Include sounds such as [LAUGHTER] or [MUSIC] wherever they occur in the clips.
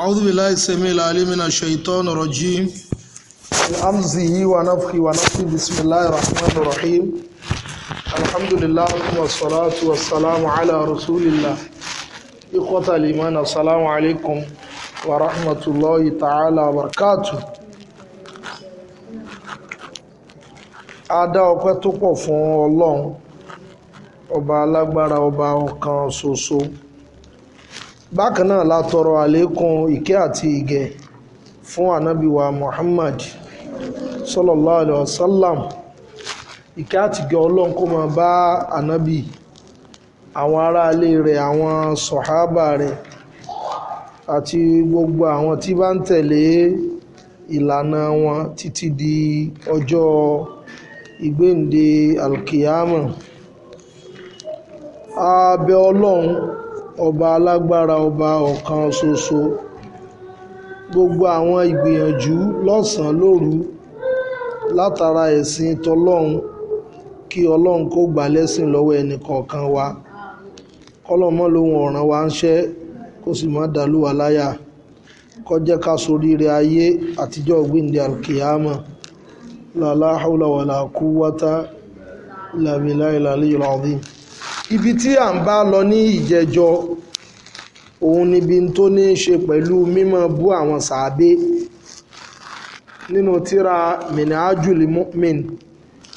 أعوذ بالله السميع العليم من الشيطان الرجيم من أمزه ونفخه ونفخه بسم الله الرحمن الرحيم الحمد لله والصلاة والسلام على رسول الله إخوة الإيمان السلام عليكم ورحمة الله تعالى وبركاته Adá ọpẹ́ tó pọ̀ fún Ọlọ́run ọba alágbára ọba ọ̀kan ṣoṣo. So -so. bákan náà la tọrọ àlékún ìkẹ́ àti ìgẹ̀ fún ànábìwá Muhammad sallallahu alayhi wa sallam ìkẹ́ àti ìgẹ̀ ọlọ́run kó máa bá ànábì àwọn aráalé rẹ̀ àwọn sọ̀hábà rẹ̀ àti gbogbo àwọn tí bá ń tẹ̀lé ìlànà wọn títí di ọjọ́ ìgbéǹde alkiyama a bẹ̀ ọlọ́run ọba alágbára ọba ọ̀kan ṣoṣo gbogbo àwọn ìgbìyànjú lọ́sàn-án lóru látara ẹ̀sìn tọlọ́run kí ọlọ́run kó gbà lẹ́sìn lọ́wọ́ ẹnìkọ̀ọ̀kan wa kọ́lọ́mọ́ lòun ọ̀ràn wa ń ṣẹ́ kó sì má dàlú wa láyà kó jẹ́ ká soríire ayé àtijọ́ gbìndé alkiyama làlá haúlà wàlà kúwátá làbílà ìlàlẹ́ ìlàdín ibi tí à ń bá lọ ní ìjẹjọ òun níbi tó ní í ṣe pẹ̀lú mímọ́ bú àwọn sàábé nínú tíra minhajul mu'min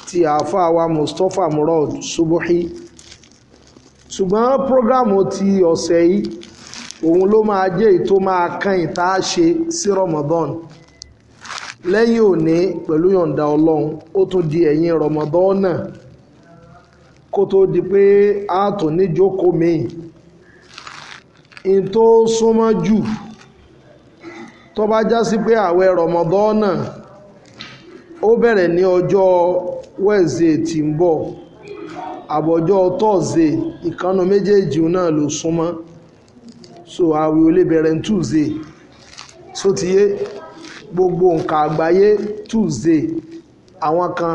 ti àáfàá wa mustapha murad subuhi ṣùgbọ́n prógámù ti ọ̀sẹ̀ yìí òun ló máa jẹ́ èyí máa kan ìta ṣe sí ramadan lẹ́yìn òní pẹ̀lú yọ̀ǹda ọlọ́run ó tún di ẹ̀yìn ramadan náà kó tó di pé a tó níjókòó mi n tó súnmọ́ jù tó bá já sí pé ààwẹ̀ rọmọdọ́nà ó bẹ̀rẹ̀ ní ọjọ́ wẹ́ẹ̀sì tí ń bọ̀ àbọ̀jọ́ tọ́ọ̀sì ìkànnà méjèèjì náà ló súnmọ́ so àwẹ̀ ò lè bẹ̀rẹ̀ ní tuesday so ti yé gbogbo nǹkan àgbáyé tuesday àwọn kan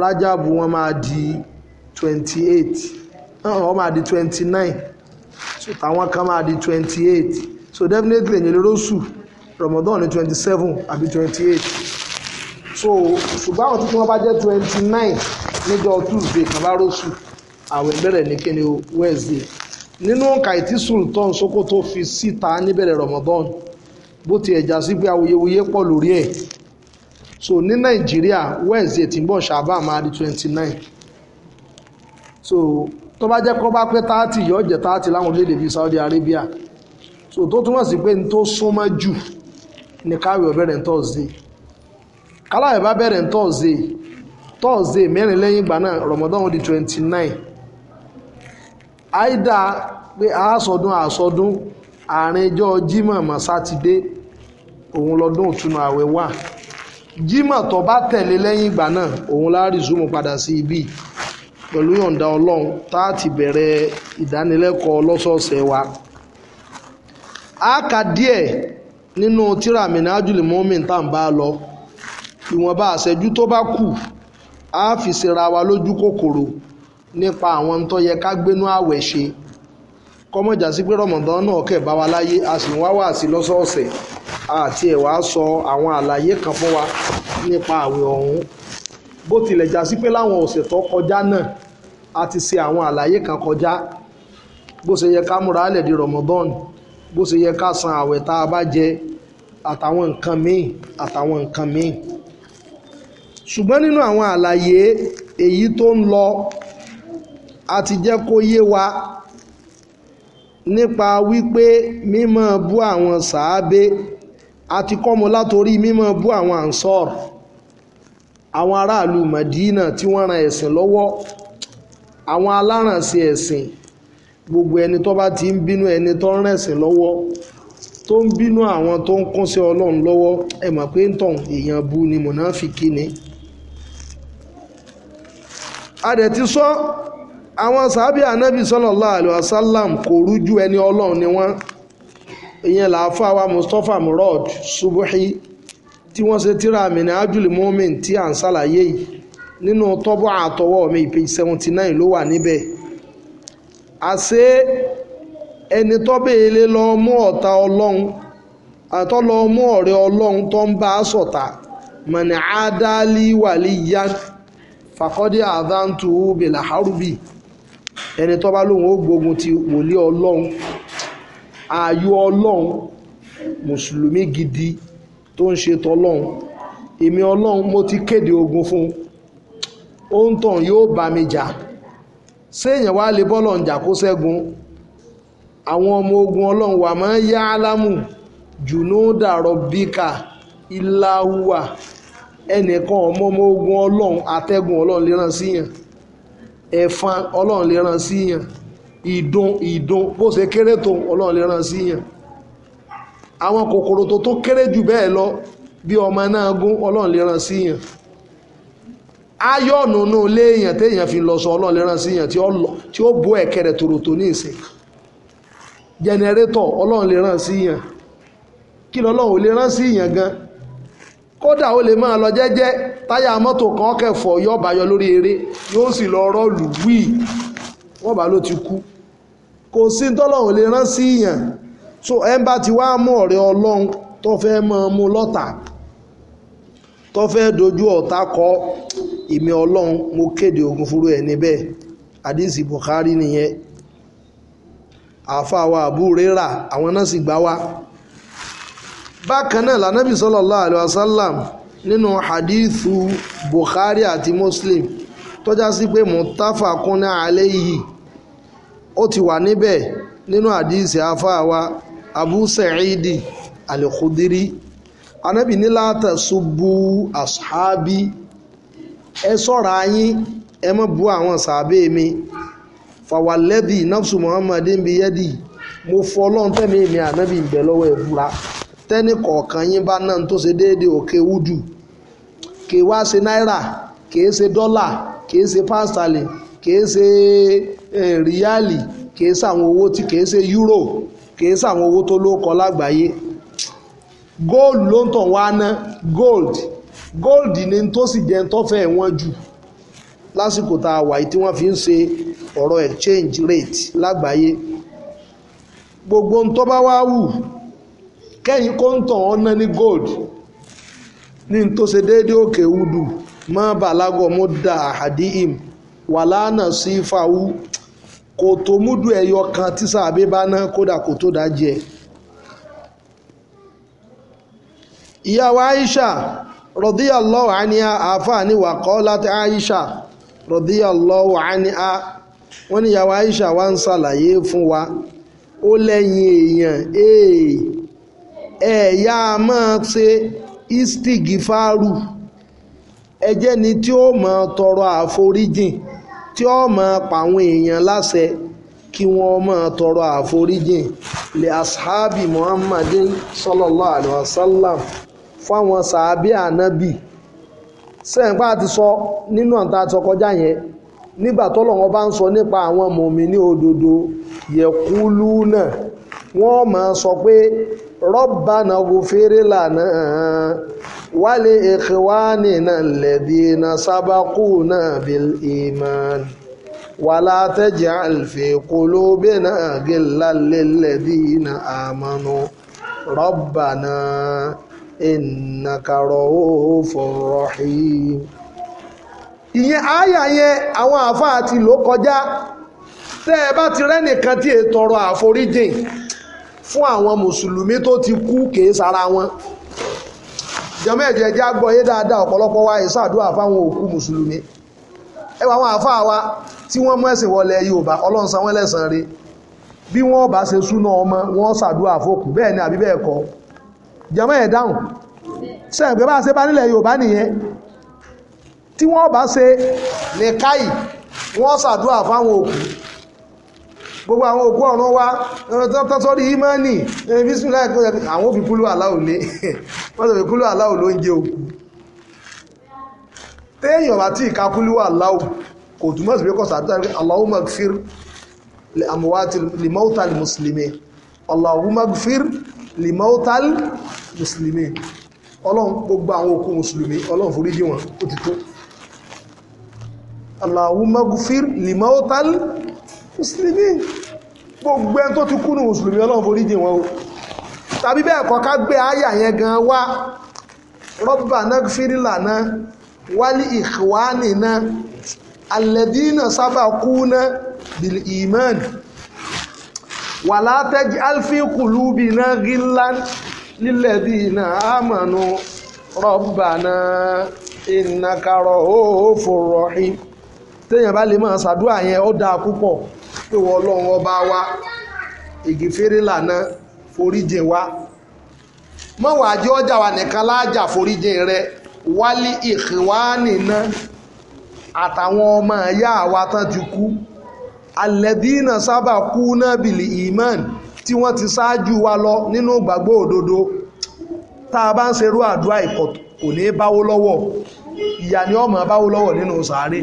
rájàbù wọn máa di twenty eight ọ máa di twenty nine so tàwọn kan máa di twenty eight so definitely èyàn lè rọ́ṣù Ramadan ní twenty seven àbí twenty eight so ṣùgbọ́n àwọn tuntun wọn bá jẹ́ twenty nine níjọ Tuesday kan bá rọ́ṣù àwẹ̀ bẹ̀rẹ̀ ní kíni Wednesday nínú ọ̀ka ìtí Sultan Sokoto fi síta níbẹ̀rẹ̀ Ramadan bó ti ẹ̀já sí pé awuyewuye pọ̀ lórí ẹ̀ so ní Nàìjíríà Wednesday tí ń bọ̀ ṣàbá máa di twenty nine so tó bá jẹ́ kó bá pé táàtì yóò jẹ́ táàtì láwọn orílẹ̀-èdè bíi Saudi Arabia so tó túmọ̀ sí pé n tó súnmọ́ jù ní káwé ọ̀bẹ̀rẹ̀ tọ́sídẹ̀ káláwé bá bẹ̀rẹ̀ tọ́sídẹ̀ tọ́sídẹ̀ mẹ́rin lẹ́yìn ìgbà náà Ramadan di twenty nine àìdá pé àásọdún àásọdún àárín ọjọ́ Jímọ̀ mọ́ sátidé òun lọ́dún ìtúnu ààwẹ̀ wà Jímọ̀ tó bá tẹ̀lé lẹ́yìn ìgbà náà òun láàrín zoom padà sí ibi pẹ̀lú yọ̀ǹda ọlọ́run tá a ti bẹ̀rẹ̀ ìdánilẹ́kọ̀ọ́ lọ́sọ̀ọ̀sẹ̀ wa a kà díẹ̀ nínú tírà Minhajul Mu'min tá n bá lọ ìwọ̀nba àṣẹjú tó bá kù a fi ṣera wa lójú kòkòrò nípa àwọn tó yẹ ká gbénú àwẹ̀ ṣe kọ́mọ̀jà sí pé rọ̀mọ̀dán náà kẹ̀ bá wa láyé a sì ń wá wá sí lọ́sọ̀ọ̀sẹ̀ àti ẹ̀ wá sọ àwọn àlàyé kan fún wa nípa àwẹ̀ ọ̀hún bó tilẹ̀ já sí pé láwọn ọ̀sẹ̀ tó kọjá náà a ti ṣe àwọn àlàyé kan kọjá bó ṣe yẹ ká múra lẹ̀ di Ramadan bó ṣe yẹ ká san àwẹ̀ tá a bá jẹ àtàwọn nǹkan míì àtàwọn nǹkan míì ṣùgbọ́n nínú àwọn àlàyé èyí tó ń lọ a ti jẹ́ kó yé wa nípa wípé mímọ́ bú àwọn sàábé àti kọ́mọ látorí mímọ́ bú àwọn ansor àwọn aráàlú Madina tí wọ́n ran ẹ̀sìn lọ́wọ́ àwọn aláràǹsí ẹ̀sìn gbogbo ẹni tó bá ti ń bínú ẹni tó ń rẹ̀sìn lọ́wọ́ tó ń bínú àwọn tó ń kún sí ọlọ́run lọ́wọ́ ẹ mọ̀ pé ń tàn èèyàn bu ni mùnáfìkì ni. a dẹ̀ ti sọ àwọn sàábì ànábì sallallahu alaihi wasallam kò rújú ẹni ọlọ́run ni wọ́n ìyẹn làáfà wa Mustapha Murad Subuhi tí wọ́n ṣe tírà àmì ní ajul mumin tí à ń ṣàlàyé yìí nínú tọ́bọ̀ àtọwọ́ mi page seventy nine ló wà níbẹ̀ àṣé ẹni tọ́bẹ̀ ilé lọ mú ọ̀tá ọlọ́run àtọ́ lọ mú ọ̀rẹ́ ọlọ́run tó ń bá a sọ̀tà mọ̀nì àádáálí wàlíyá fàkọ́dé àdáǹtù bèlà hárùbì ẹni tọ́ba lòun ó gbógun ti wòlíì ọlọ́run ààyò ọlọ́run mùsùlùmí gidi tó ń ṣe tọ́lọ́run èmi ọlọ́run mo ti kéde ogun fún un ó ń tàn yóò bá mi jà séèyàn wá lè bọ́lọ̀ ń jà kó ṣẹ́gun àwọn ọmọ ogun ọlọ́run wà máa ń yá álámù jùnúdà rọ̀bíkà ìlàhùwà ẹnìkan ọmọ ọmọ ogun ọlọ́run atẹ́gùn ọlọ́run lè ràn síyàn ẹ̀fọn ọlọ́run lè ràn síyàn ìdun ìdun bó ṣe kéré tó ọlọ́run lè ràn síyàn àwọn kòkòrò tó tó kéré jù bẹ́ẹ̀ lọ bí ọmọ náà gún ọlọ́run lè ràn síyàn ayọ̀nù nù léèyàn téèyàn fi lọ sọ ọlọ́run lẹ́ràn sí yàn tí ó bó ẹ̀kẹ́ rẹ̀ tòròtò ní ìsìn jẹnẹrétọ̀ ọlọ́run lẹ́ràn sí yàn kí lọ́lọ́run ò lè rán sí yàn gan kódà ó lè máa lọ jẹ́jẹ́ táyà mọ́tò kan kẹfọ̀ yóò bá yọ lórí eré yóò sì lọ rọ́ọ̀lù wíì wọ́n bá ló ti kú kò sí tọ́lọ́run lè rán sí yàn so ẹ̀ ń bá ti wá mú ọ̀rẹ́ ọlọ́run tó fẹ́ máa mú lọ́tà tó fẹ́ dojú ọ̀tá kọ ìmí ọlọ́run mo kéde ogun fúru ẹ̀ níbẹ̀ àdìsí Bukhari nìyẹn àfa wa Abu Rera àwọn náà sì gbá wa bákan náà lànàbì sallallahu alaihi wasallam nínú hadithu Buhari àti Muslim tọ́já sí pé mutafa kúnná alẹ́ yìí ó ti wà níbẹ̀ nínú hadisi àfa wa Abu Sa'idi al-Khudri anábì ní láàtà ṣubú àṣàbí ẹ sọ́ra yín ẹ má bú àwọn sàábé mi fàwàlẹ́bì nafsu muhammad ń bi yẹ́dì mo fọ ọlọ́run tẹ̀mí mi ànábì ń bẹ lọ́wọ́ ẹ̀ búra tẹ́nì kọ̀ọ̀kan yín bá náà tó ṣe déédéé òkè wúdù kì wá ṣe náírà kì í ṣe dọ́là kì í ṣe pásítàlì kì í ṣe ríálì kì í ṣe owó tí kì í ṣe euro kì í ṣe owó tó lóko lágbàáyé góòlù ló ń tàn gold gold ni tó sì jẹ́ tó fẹ́ wọ́n jù lásìkò tá a wà tí wọ́n fi ń ṣe exchange rate lágbàáyé gbogbo ń bá wá wù kẹ́yìn kó ń tàn ọ́ ná ní gold ní tó ṣe déédéé òkè udu mú àhàdí im wà lánàá sí kò tó múdù ẹ̀yọ kan tí bá kò tó dájẹ́ ìyàwó Aisha radiyallahu anha àáfàá ní wa qalat Aisha radiyallahu anha wọ́n ní ìyàwó Aisha wá ń ṣàlàyé fún wa ó lẹ́yìn èèyàn eh, ẹ̀yà máa ṣe istigifaru ẹjẹ́ ni tí ó máa tọrọ àforíjìn tí ó máa pàwọn èèyàn láṣẹ kí wọ́n máa tọrọ àforíjìn lè ashabi muhammadin sallallahu alaihi wasallam fáwọn sàábí ànábì sẹ́ǹpá ti sọ nínú àǹtà àti ọkọjá yẹn nígbà tọ́lọ́wọ́n bá ń sọ nípa àwọn mùmínì òdodo yẹ̀kúlú náà wọ́n máa sọ pé rọ́bànà gòfèrè lànà wálé ìkẹwàánì náà lẹ́bí na sábàkú náà bí ìmán wàlá tẹ́jì àlfẹ́ kólóbé náà gẹ́lá lẹ́lẹ́bí na àmánú rọ́bànà innaka raufur rahim ìyẹn àáyà yẹn àwọn àáfàá ti lò kọjá tẹ́ ẹ bá ti rẹ́nìkan tí ètò ọ̀rọ̀ àforíjìn fún àwọn mùsùlùmí tó ti kú kèé sára wọn jọmọ ẹ̀jẹ̀ ẹ̀jẹ̀ àgbọ̀ yé dáadáa ọ̀pọ̀lọpọ̀ wa ẹ̀ ṣàdúrà fáwọn òkú mùsùlùmí ẹ wà àwọn àáfàá wa tí wọ́n mú ẹ̀sìn wọlé Yorùbá Ọlọ́run san wọ́n lẹ́san rẹ̀ bí wọ́n bá ṣe súná ọmọ wọ́n ṣàdúrà fókù bẹ́ẹ̀ ni àbí bẹ́ẹ̀ kọ́ jẹmọ́ ẹ̀ dáhùn sẹ́ǹgbẹ́ bá ṣe bá nílẹ̀ Yorùbá nìyẹn tí wọ́n bá ṣe lè káyì wọ́n ṣàdúrà fáwọn òkú gbogbo àwọn òkú ọ̀run wá tọ́tọ́ sórí ìmọ́nì bísúnlá àwọn òfin kúlú aláwò lé [LAUGHS] wọ́n sọ pé kúlú aláwò ló ń jẹ òkú téèyàn bá tí ìka kúlú aláwò kò túmọ̀ sí pé kò ṣàdúrà pé Allahumma gfir li amwati li mawta al muslimin Allahumma gfir limotal muslimin ọlọ́run gbogbo àwọn òkú mùsùlùmí ọlọ́run foríjì wọn ó ti tó Allahumma gufir limotal muslimin gbogbo ẹni tó ti kú ní mùsùlùmí ọlọ́run foríjì wọn o tàbí bẹ́ẹ̀ kọ́ ká gbé àyà yẹn gan wá Rabbana gufir lana wali ikhwanina alladhina sabaquna bil iman wàlá tẹ́jì alfi kùlúbì náà gílá lílẹ̀ bí iná àmànú rọ́bàná ìnàkàrọ̀ òòfò rọ̀hìn téèyàn bá lè máa ṣàdúrà yẹn ó dáa púpọ̀ pé wọ́n ọlọ́run ọba wa ìgìfèrè lànà foríjìn wa mọ́wàá àjẹ́ ọjà wa nìkan láàjà foríjìn rẹ wálé ìhìnwá nìna àtàwọn ọmọ ẹ̀yà wa tán ti kú alẹ́dínà sábà kú náà bìlì iman tí wọ́n ti ṣáájú wa lọ nínú ìgbàgbọ́ òdodo tá a bá ń ṣerú àdúrà ìkọ̀ kò ní báwó lọ́wọ́ ìyà ni ọmọ báwó lọ́wọ́ nínú sàárè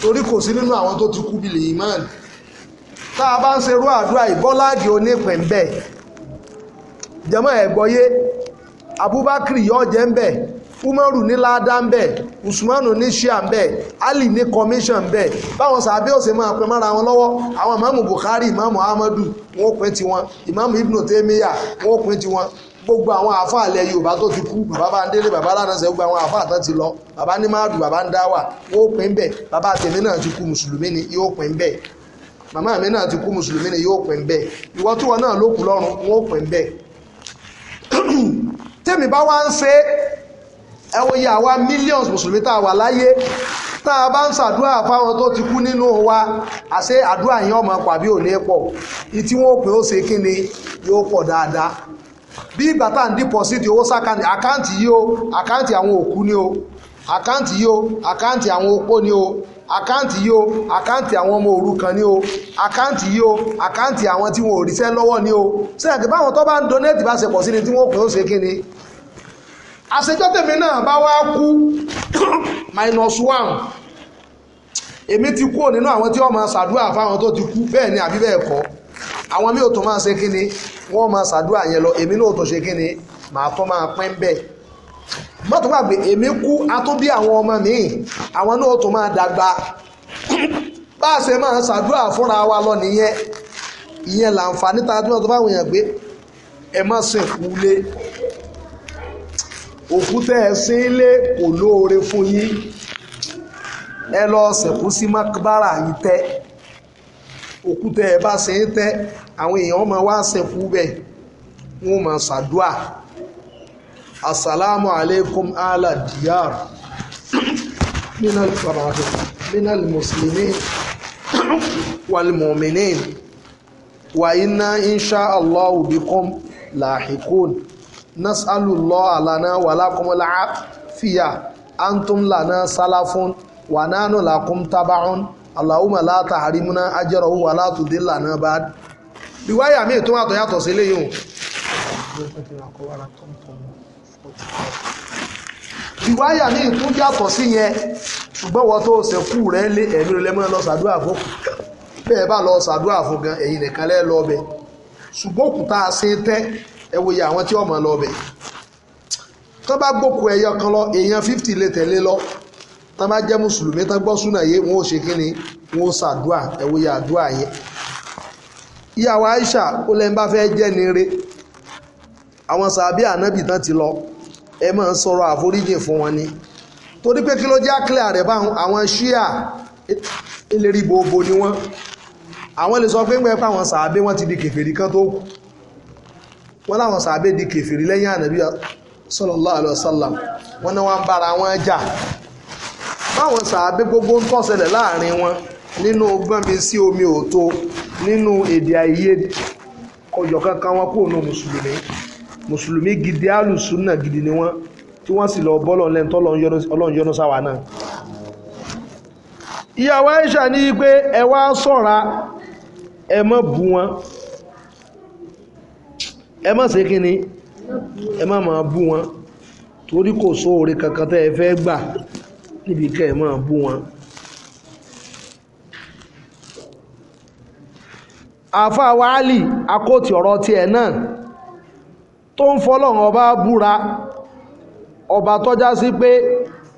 torí kò sí nínú àwọn tó ti kú bìlì iman tá a bá ń ṣerú àdúrà ìbọ́láàdì onípẹ̀ńbẹ̀ jẹ́mọ́ ẹ̀gbọ́yé Abubakar yọ jẹ́ ń bẹ̀ umaru ní ládá ń bẹ̀ usmanu ní ṣíà ń bẹ̀ ali ní commission ń bẹ̀ báwọn sàbí òsè máa pẹ́ mọ́ra wọn lọ́wọ́ àwọn bukhari ìmáàmù ahmadu wọn ò tiwọn ìmáàmù ibn temiya wọn ò tiwọn gbogbo àwọn afọ alẹ yorùbá tó ti kú bàbá bá ń délé bàbá lánàṣẹ gbogbo àwọn ti lọ bàbá ní máàdù bàbá ń dá wà wọn ò bàbá náà ti kú mùsùlùmí ni yóò [CLEARS THROAT] ẹ awa iye àwa millions mùsùlùmí tá a wà láyé tá ti kú nínú wa àdúrà yẹn ọmọ pàbí ò ní wọn ò ó ṣe kí ni yóò dáadáa bí ìgbà tá à ń owó àkáǹtì yìí o àkáǹtì àwọn òkú ni o àkáǹtì yìí o àkáǹtì àwọn opó ni o àkáǹtì yìí o àkáǹtì àwọn ọmọ òrukàn ni o àkáǹtì yìí o àkáǹtì àwọn tí wọn ò ríṣẹ́ lọ́wọ́ ni o àgbẹ̀ báwọn tó bá ń donate bá ṣe pọ̀ sí ni tí wọ́n àṣejọ́ tèmi náà bá wá kú minus one èmi ti kú nínú àwọn tí wọ́n máa ṣàdúrà fáwọn tó ti kú bẹ́ẹ̀ ni àbí bẹ́ẹ̀ kọ́ àwọn mi ò tó máa ṣe kí ni wọ́n máa ṣàdúrà yẹn lọ èmi náà tó ṣe kí ni màá tó máa pín bẹ́ẹ̀ mọ́tò gbàgbé èmi kú atúbí àwọn ọmọ mi àwọn náà tó máa dàgbà bá a ṣe máa ṣàdúrà fúnra wa lọ nìyẹn ìyẹn làǹfààní tá tó báwọn èèyàn òkúta ẹ̀sìn ilé kò lóore fún yín ẹ lọ sẹ̀kú sí makbara yìí tẹ́ òkúta ẹ̀ bá ṣe ń tẹ́ àwọn èèyàn máa wá sẹ̀kú bẹ́ẹ̀ wọ́n máa ṣàdúà asalaamu aleykum ala diyar minal faradu minal muslimin wal wa inna insha allahu bikum lahikun. nasalulọ alana walakumula afiya antum lana salafun wa nanu lakum tabaun allahumma la tahrimuna ajrahu wa la tudillana ba'd riwaya mi tó wà tó yàtọ̀ sí lẹ́yìn ìwáyà ní ìtún yàtọ̀ sí yẹn ṣùgbọ́n wọ́n tó sẹ́kù rẹ̀ lé ẹ̀mí rẹ̀ lẹ́mọ́ lọ sàdúrà fún bẹ́ẹ̀ bá lọ sàdúrà fún gan ẹ̀yin nìkan lẹ́ lọ bẹ̀ ṣùgbọ́n òkúta ṣe tẹ́ ẹ wo iye àwọn tí ọmọ lọ bẹ̀ tán bá gbòkú ẹyọ kan lọ èèyàn fifty lè tẹ̀lé lọ tán bá jẹ́ mùsùlùmí tán gbọ́ súnà yé wọn ò ṣe kí ni wọn ò ṣàdúà ẹ wo iye àdúà yẹn ìyàwó Aisha ó lẹ́nu bá fẹ́ jẹ́ ni re àwọn sàbí ànábì tán ti lọ ẹ máa ń sọ̀rọ̀ àforíjì fún wọn ni torí pé kí ló jẹ́ àkílẹ̀ rẹ̀ bá àwọn ṣíà eléríbobo ni wọ́n àwọn lè sọ pé ń gbẹ́ pé àwọn sàbí wọn ti di kèfèrí kan tó kù wọ́n láwọn sàbẹ̀ di kèfèrí lẹ́yìn ànábì sallallahu alaihi wasallam wọ́n ní wọ́n ń bára wọn jà báwọn sàbẹ̀ gbogbo ń tọ́sẹ̀lẹ̀ láàrin wọn nínú gbọ́nmi sí omi òtó nínú èdè àìyedè ọjọ́ kankan wọn kúrò náà mùsùlùmí mùsùlùmí gidi alùsùnà gidi ni wọ́n tí wọ́n sì lọ bọ́lọ̀ lẹ́ntọ́ ọlọ́run yọ́nú sáwà náà ìyàwó Aisha ní pé ẹ wá ṣọ́ra ẹ má bú wọn ẹ má ṣe kíni ẹ má máa bú wọn torí kò sóore kankan tẹ́ ẹ fẹ́ gbà níbi kẹ́ ẹ máa bú wọn. àfa wàhálì akóòtì ọ̀rọ̀ tiẹ̀ náà tó ń fọlọ́run ọba búra ọba tọ́já sí pé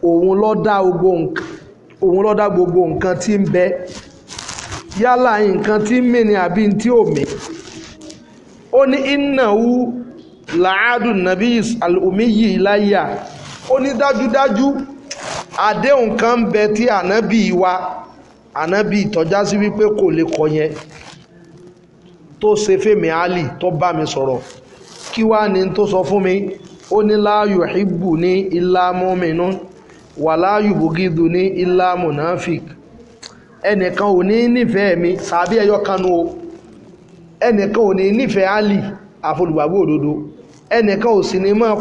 òun ló dá gbogbo nǹkan tí ń bẹ yálà nǹkan tí ń mì ní àbí ó ní ìnáwó làádùn nàbí alùmíyì láyà ó ní dájúdájú àdéhùn kan bẹ tí ànábì wa ànábì tọ́já sí wípé kò lè kọ yẹn tó ṣe fèmí àlì tó bá mi sọ̀rọ̀ kí wá ní tó sọ fún mi ó ní láàyò ìbù ní ilá mọ́mìnú wà láàyò bògidù ní ilá ẹnìkan ò ní nífẹ̀ẹ́ mi sàbí ẹyọ kanu o. ẹnìkan ò ní nífẹ̀ẹ́ Ali àfolùgbàgbọ́ òdodo ẹnìkan ò sì ní máa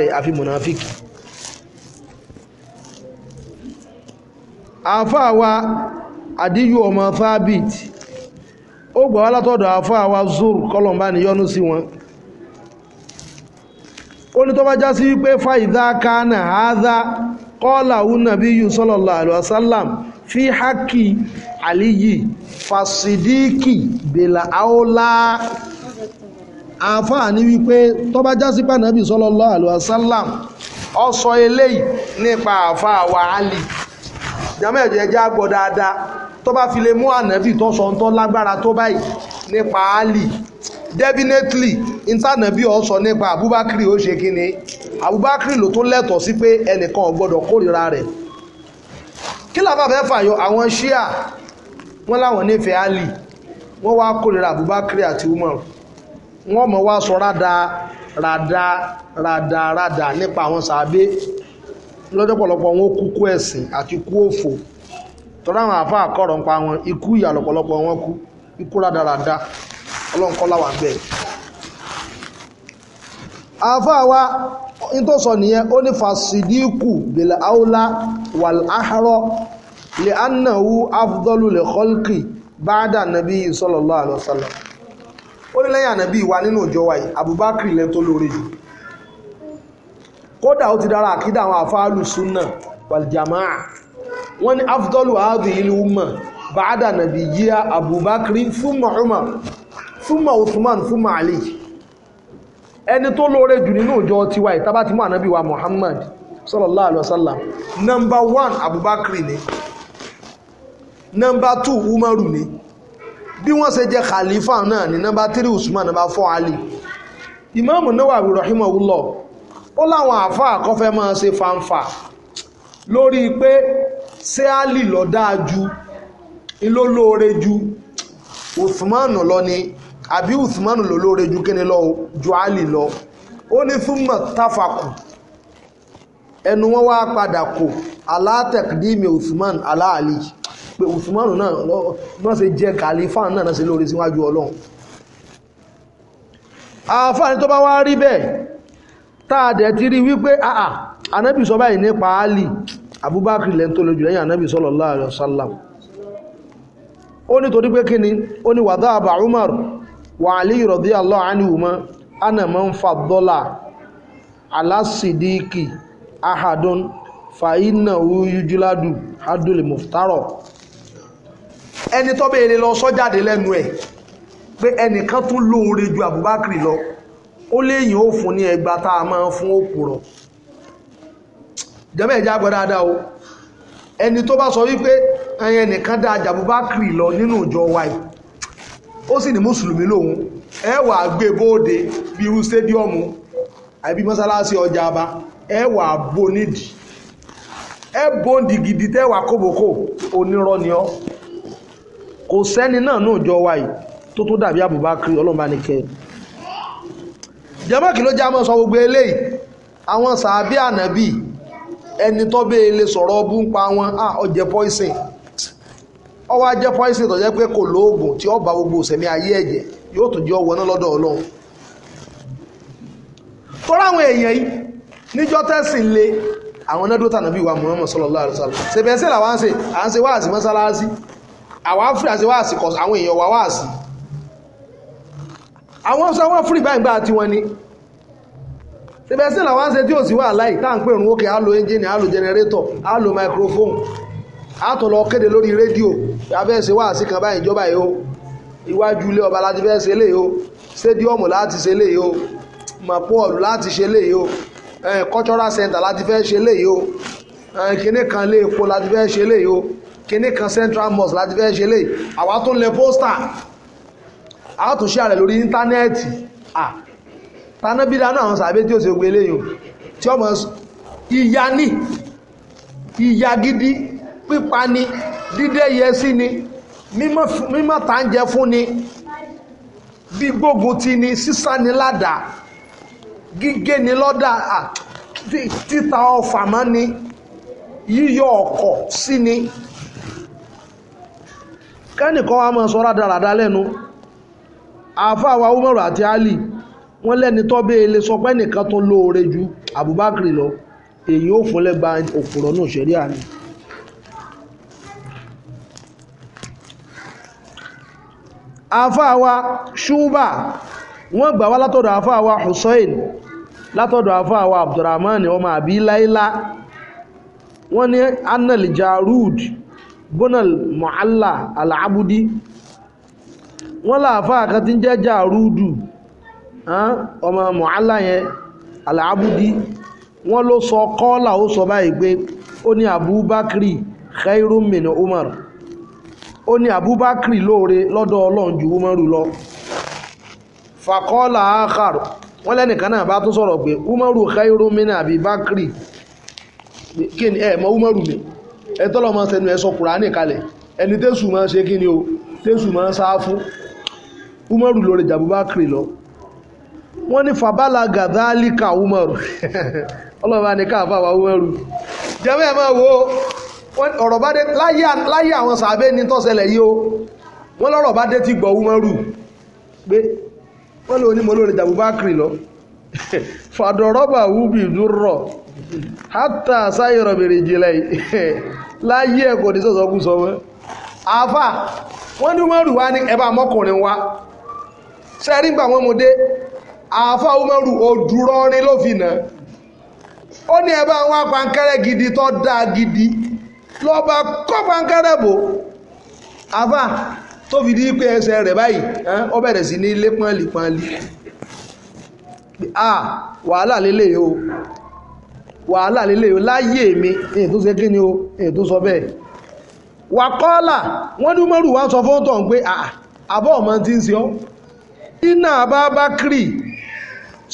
rẹ̀ àfi mùnàfíkì àáfàá wa àdíyù ọmọ fábit ó gbà wá látọ̀dọ̀ àáfàá àwa zoro kọlọ̀mbá ni yọ́nú sí wọn ó ní tó bá já sí wípé fàìdá kánà áádá fi hákì aliyi fasidiki bela aola àǹfààní wípé tọ́ba jásí pànàbí sallallahu alaihi wasallam ó sọ eléyìí nípa afa wa Ali jàmọ́ ẹ̀jẹ̀ já gbọ́ dáadáa tó bá fi lè mú ànábì tó sọ tó lágbára tó báyìí nípa Ali definitely intanẹ̀bí ó sọ nípa Abubakar ó ṣe kí ni Abubakar ló tó lẹ́tọ̀ọ́ sí pé ẹnìkan ò gbọ́dọ̀ kórìíra rẹ̀ kí làbá fẹ́ fàyọ àwọn wọ́n láwọn nífẹ̀ẹ́ Ali wọ́n wá kórìíra Abubakar àti Umar wọ́n mọ̀ wá sọ rádà rádà rádà rádà nípa àwọn sàábé lọ́jọ́ pọ̀lọpọ̀ wọn kú kú ẹ̀sìn àti kú òfò tọ́lá àwọn àfa àkọ́rọ̀ ń pa wọn ikú ìyà lọ́pọ̀lọpọ̀ wọn kú ikú rádà rádà ọlọ́nkọ́lá wà bẹ́ẹ̀. àfa wa ní tó sọ nìyẹn ó ní fàṣídìkù bìlà áúlá wàl lè annahu afdọ́lù lè kọ́lùkì báádà nàbí sallallahu alaihi wasallam ó ní lẹ́yìn ànàbí wa nínú ìjọ wa yìí abubakar lẹ́n tó lóore jù kódà ó ti dára àkídà àwọn àfáàlù súnà wàlìjàmáà wọ́n ní afdọ́lù àádùn ìlú umma báádà nàbí yíya abubakar fúnmọ̀ umar fúnmọ̀ uthman fúnmọ̀ ali ẹni tó lóore jù nínú ìjọ tiwa yìí tábàtí mọ́ ànàbí wa muhammad sallallahu alaihi number one abubakar ni nọ́mbà tù umaru ni bí wọ́n ṣe jẹ́ khalifa náà ni nọ́mbà tírì usman nọ́mbà fọ́ ali ìmáàmù Nawawi rahimahullah ó láwọn àáfàá kọfẹ́ máa ṣe fanfa lórí pé ṣé ali lọ dáa ju ló lóore ju usman lọ ni àbí usman ló lóore ju kíni lọ ju ali lọ ó ní thumma tafaqu ẹnu wọn wá padà kò alátẹ̀kídìmí usman aláàlì pé Usman náà lọ́ọ́ ṣe jẹ́ kàlífà náà náà ṣe lóore síwájú Ọlọ́run àfáàní tó bá wá rí bẹ́ẹ̀ táàdẹ̀ ti rí wípé àà anábì sọ báyìí nípa Àlì Abubakar lẹ́n tó lójú lẹ́yìn anábì sallallahu alaihi wasallam ó ní torí pé kíni ó ní wadhaba Umar wa Ali radiyallahu anhuma ana man faddala ala sidiki ahadun fa innahu yujladu haddul muftara ẹni tó bèèrè lọ sọ́jáde lẹ́nu ẹ̀ pé ẹnìkan tún lóore ju Abubakar lọ ó léyìn ó fún ní ẹgbà tá a máa fún òpùrọ̀ jẹ́mẹ̀ ìjà dáadáa o ẹni tó bá sọ wípé ẹyẹn nìkan dá Abubakar lọ nínú ìjọ wa yìí ó sì ní mùsùlùmí lòun ẹ wà gbé bóde bí irú stadiumu àbí mọ́sálásí ọjà bá ẹ kò sẹ́ni náà náà jọ wáyé tó tó dàbí Abubakar ọlọ́mọba ní kẹ́ jẹ́mọ́ kí ló já mọ́ sọ gbogbo eléyìí àwọn sàábí ànábì ẹni tó bẹ́ẹ̀ lè sọ̀rọ̀ ọbú ń pa wọn à ọjẹ́ poison ọwọ́ ajẹ́ poison tó jẹ́ pé kò lóògùn tí ó bá gbogbo òsèmí ayé ẹ̀jẹ̀ yóò tún jẹ́ ọwọ́ náà lọ́dọ̀ Ọlọ́run tọ́ra àwọn èèyàn yìí níjọ́ tẹ́sì le àwọn náà dúró tànàbí wa Muhammad sallallahu alaihi wasallam ṣèbẹ̀ẹ́sẹ̀ làwọn à ń ṣe à ń ṣe wáàsí mọ́sálásí àwọn áfíríkà sí wáàsì kọ̀ àwọn èèyàn wá wáàsì àwọn sọ wọ́n fúrì báyìí gbá ti wọn ni síbẹ̀ sí làwọn ṣe tí ò sí wà láì tá à ń pè rún òkè àlò ẹ́ńjìnì àlò jẹnẹrétọ̀ àlò microphone àtọ̀ lọ kéde lórí rédíò abẹ́ẹ̀sẹ̀ wà sí kan báyìí ìjọba yìí o iwájú ilé ọba láti fẹ́ ṣe léyìí o stadium láti ṣe léyìí o mapol láti ṣe léyìí o eh, cultural center láti fẹ́ ṣe léyìí o eh, kínní kan lé epo láti fẹ́ ṣe léyìí o kíní kan central mosque láti fẹ́ ṣe lè àwa tó lẹ pósítà a tún ṣe àrẹ lórí íńtánẹ́ẹ̀tì tanábìdá náà sàbẹ́ tí ó ṣe gbé léyìn tí ọmọ ìyá ní ìyá gidi pípa ni dídẹ́ yẹ sí ni mímọ̀ tàǹjẹ fún ni bí gbógun ti ni sísá ni ládàá gígé ni lọ́dà títa ọfà mọ́ ni yíyọ ọkọ̀ sí ni kẹ́nìkan wá máa sọ rádaràdá lẹ́nu àáfà wa Umaru àti Ali wọ́n lẹ́ni tó bẹ́ẹ̀ lè sọ pé nìkan tó lóore ju Abubakar lọ èyí ò fún lẹ́gba òpùrọ̀ náà ṣẹ̀rí àná àáfà wa Ṣúbà wọ́n gbà wá látọ̀dọ̀ àáfà Hussein látọ̀dọ̀ àáfà wa Abdurrahman ọmọ àbí láílá wọ́n ní annal jarud bonal mu'alla al'abudi wọ́n láàfá kan tí ń jẹ́ jàrúdù ọmọ mu'alla yẹn al'abudi wọ́n ló sọ kọ́ọ̀là ó sọ báyìí pé ó ní abubakri khairun min umar ó ní abubakri lóore lọ́dọ̀ ọlọ́run ju umaru lọ fàkọ́ọ̀là akhar wọ́n lẹ́nìkan náà bá tún sọ̀rọ̀ pé umaru khairun min abibakri kí ni ẹ̀ umaru mi ẹni tọ́lọ́ máa ń sẹnu ẹ̀sọ́ kùránì kalẹ̀ ẹni tẹ́sù máa ṣe kí ni o tẹ́sù máa ń fún umaru lórí jàbúbákiri lọ wọ́n ní fàbálà gàdálíkà umaru [LAUGHS] ọlọ́ba ní káàfà umaru jẹ́mọ́ ẹ̀ máa wo ọ̀rọ̀ bá dé láyé àwọn sàbẹ́ ní tọ́sẹ̀lẹ̀ yìí o wọ́n lọ́rọ̀ bá dé ti gbọ́ umaru pé wọ́n lè onímọ̀ lórí jàbúbákiri hátà sáyọ̀rọ̀ bèrè jìnlẹ̀ [LAUGHS] láyé ẹ̀ kò ní sọ̀sọ̀ kú sọ wọ́n àfà wọ́n ní Umaru wá ní ẹ̀bá mọ́kùnrin wa sẹ́rí gbà wọ́n mú dé àfà Umaru òdúrọ́rin ló fi nà ó ní ẹ̀bá wọn pankẹ́rẹ́ gidi tó dáa gidi lọ́ba kọ́ pankẹ́rẹ́ bò àfà tó fi di pé ẹsẹ̀ rẹ̀ báyìí ó bẹ̀rẹ̀ sí ní ilé pọ́nlì pọ́nlì ah wàhálà lélẹ̀ yìí o wàhálà lélẹ̀ yóò láyé mi èyí tó ṣe kí ni o èyí tó sọ bẹ́ẹ̀ wà kọ́ọ́là wọ́n ní Umaru wá sọ fóńtọ̀ pé àbọ̀ ọmọ ti ń ṣe ọ́ iná abábákiri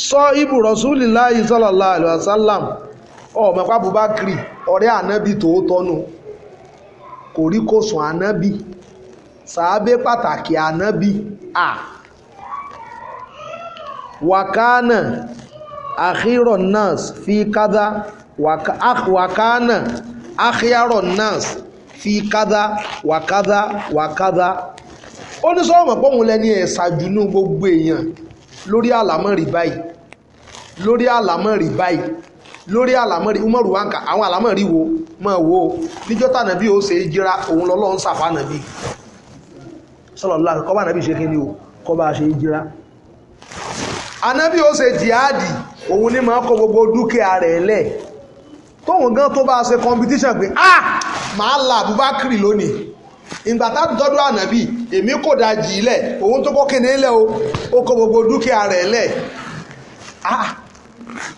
sọ ibù Rasulillahi sallallahu alaihi wasallam ọmọ pábùbákiri ọ̀rẹ́ ànábì tòótọ́ nù kòríkòsùn ànábì sàábé pàtàkì ànábì à wàkánà àkírọ̀ nas fi kádà wàkánà àkírọ̀ nas fi kádà wàkádà wàkádà ó ní sọ́ọ̀mọ̀ pọ̀ òun lẹ́ni ẹ̀ ṣáájú ní gbogbo èèyàn lórí àlámọ̀rí báyìí lórí àlámọ̀rí báyìí lórí àlámọ̀rí umaru wanka àwọn àlámọ̀rí wo mọ̀ wo níjọ́ tànàbí ó ṣe jíra òun lọ́lọ́ ń sàfà nàbí sọ́lọ́lá kọ́bà nàbí ṣe kí ni o kọ́bà ṣe jíra anabi ó ṣe jihadi òun ní máa kọ gbogbo dúkìá rẹ̀ lẹ̀ tóun gan tó bá ṣe competition pé ah màá la Abubakar lónìí ìgbà táwọn tọ́jú anabi èmi kò dájì ilẹ̀ òun tó kọ́ kéde ilẹ̀ o ó kọ gbogbo dúkìá rẹ̀ lẹ̀ ah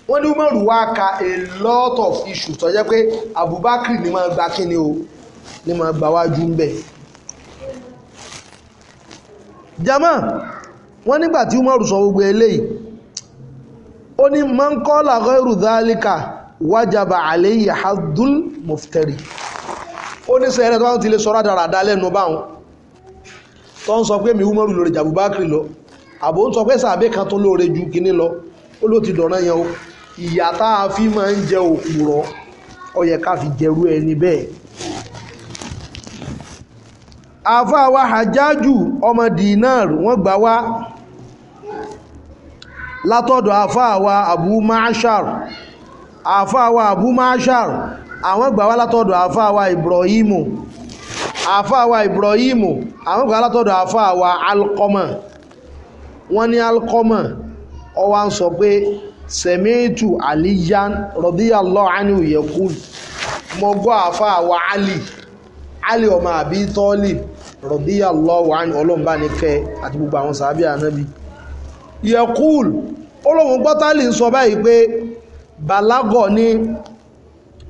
wọ́n ní Umaru wá ka a lot of issues tó jẹ́ pé Abubakar ni máa gba kíni o ni máa gba wájú ń bẹ̀ jama wọ́n nígbà tí Umaru sọ gbogbo eléyìí ó ní mọ́ńkọ́lá ghairu dhalika wájàbà àléyìí hadul muftari ó ní sẹ́yẹ́rẹ́ tó ti lè sọ rádaràdá lẹ́nu báwọn tó ń sọ pé mi Umaru lórí jàbùbákiri lọ àbò ń sọ pé sàbẹ́ kan tó lóore ju kinní lọ ó ló ti dọ̀ràn yẹn o ìyà fi máa ń jẹ òpùrọ̀ ó ká fi jẹrú ẹni bẹ́ẹ̀ àfáà wa hajjájú ọmọ dinar wọ́n gbà wá látọ̀dọ̀ àfáàwà Abu Ma'shar àfáàwà Abu Ma'shar àwọn gbà wá látọ̀dọ̀ àfáàwà Ibrahimu àfáàwà Ibrahimu àwọn gbà wá látọ̀dọ̀ àfáàwà Alqama wọ́n ní Alqama ó wá ń sọ pé sẹ̀mẹ́tù àlíyán radiyallahu anhu yaqul mo gbọ́ àfáàwà Ali Ali ọmọ Abi Talib radiyallahu anhu ọlọ́mbánikẹ́ àti gbogbo àwọn sàábì ànábì yẹkúl olóhun pátálì ń sọ báyìí pé ní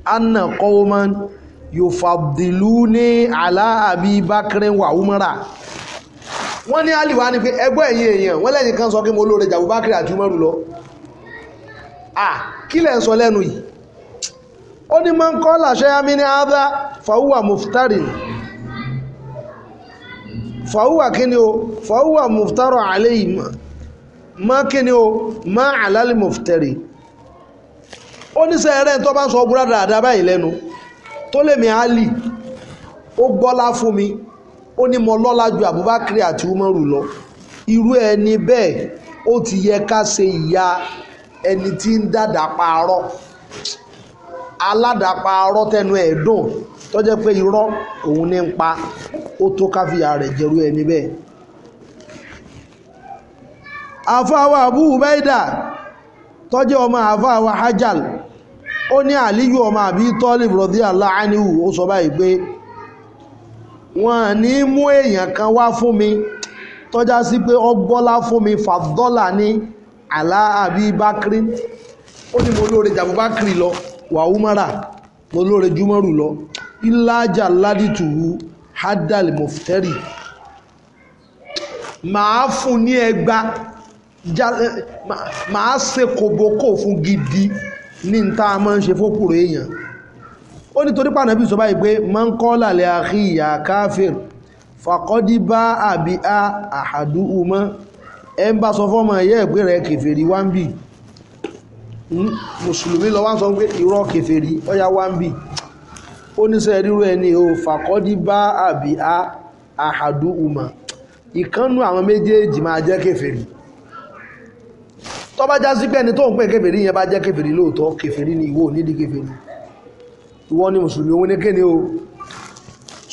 anna kọ́wọ́mán yòfàdìlú ní aláàbí bákẹrẹ wà úmọ́ra wọ́n ní ni pé ẹgbẹ́ ẹ̀yìn èèyàn wọ́n lẹ́yìn kan sọ kí mo lóore jàbú àti úmọ́rù lọ kí lẹ́ ń sọ lẹ́nu yìí ó ní máa ń o mọ́ ni o mọ́ alálìmọ̀fẹ́rì ó ní sẹ́ẹ̀rẹ́ tó bá ń sọ búra dáadáa báyìí lẹ́nu tó lè mi àlì ó gbọ́lá fún mi ó ní mo lọ́lá ju Abubakar àti Umaru lọ irú ẹni bẹ́ẹ̀ ó ti yẹ ká ṣe ìyá ẹni tí ń dàdà paarọ́ aládàpaarọ́ tẹnu ẹ̀ dùn tó pé irọ́ òun ní ń pa ó tó káfíà rẹ̀ jẹ́rú ẹni bẹ́ẹ̀ àfáwà Abu Ubaida tó jẹ́ ọmọ àfáwà hajjal ó ní àlíyù ọmọ àbí tọ́lìb radiyallahu anhu ó sọ báyìí pé wọ́n ní mú èèyàn kan wá fún mi tọ́já sí pé ọgbọ́lá fún mi fàdọ́là ní àlá àbí bákírí ó ní mo lóore jàbú bákírí lọ wàhúmọ́ra mo lóore júmọ́rù lọ ìlàjà ládìtùwú hadal muftari màá fún ní ẹgbàá màá ṣe kòbókò fún gidi ní n tá a máa ń ṣe fókùrò èèyàn ó nítorí pàànàbí sọ báyìí pé máa ń kọ́ làlẹ́ àkí ìyá káfíìn fàkọ́dí bá àbí a àhàdú umọ́ ẹ ń bá sọ fọ́mọ ẹ̀yẹ́ ìpín rẹ̀ kẹfẹ́rí wá ń bì hmm, mùsùlùmí lọ wá ń sọ pé irọ́ kẹfẹ́rí ọ̀yá wá ń bì ó níṣẹ́ rírú ẹni o fàkọ́dí bá àbí a àhàdú umọ́ ìkánnú àwọn méjèèjì máa jẹ́ kẹfẹ́rí tó bá já sí pé ẹni tó ń pè kèfèrí yẹn bá jẹ́ kèfèrí lóòótọ́ kèfèrí ni ìwọ nídìí kèfèrí ìwọ ni mùsùlùmí òun ní kéde o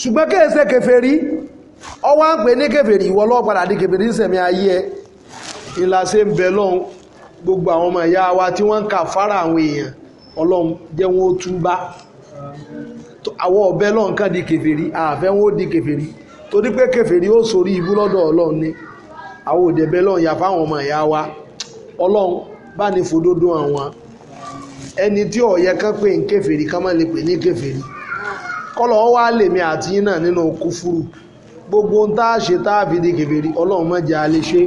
ṣùgbọ́n kéèsè kèfèrí ọwọ́ ń pè ní kèfèrí ìwọ lọ́ọ́ padà di kèfèrí sẹ̀mí ayé ẹ ìlàsẹ̀ ń bẹ lọ́hùn gbogbo àwọn ọmọ ìyá wa tí wọ́n ń kà fara àwọn èèyàn ọlọ́run jẹ́ wọn ó túbá àwọn di kèfèrí àfẹ́ wọn ó di torí pé kèfèrí ó sórí ibú lọ́dọ̀ ọlọ́run àwọn òdẹ̀bẹ lọ́n ọmọ ìyá wa ọlọ́run bá ní fòdodo àwọn ẹni tí ó yẹ kán pé ń kèfèrí ká má lè pè ní kèfèrí kọ́lọ̀ wá lèmi àti yín náà nínú kúfúrú gbogbo ń tá a ṣe tá a fi di kèfèrí ọlọ́run má jẹ́ a ṣe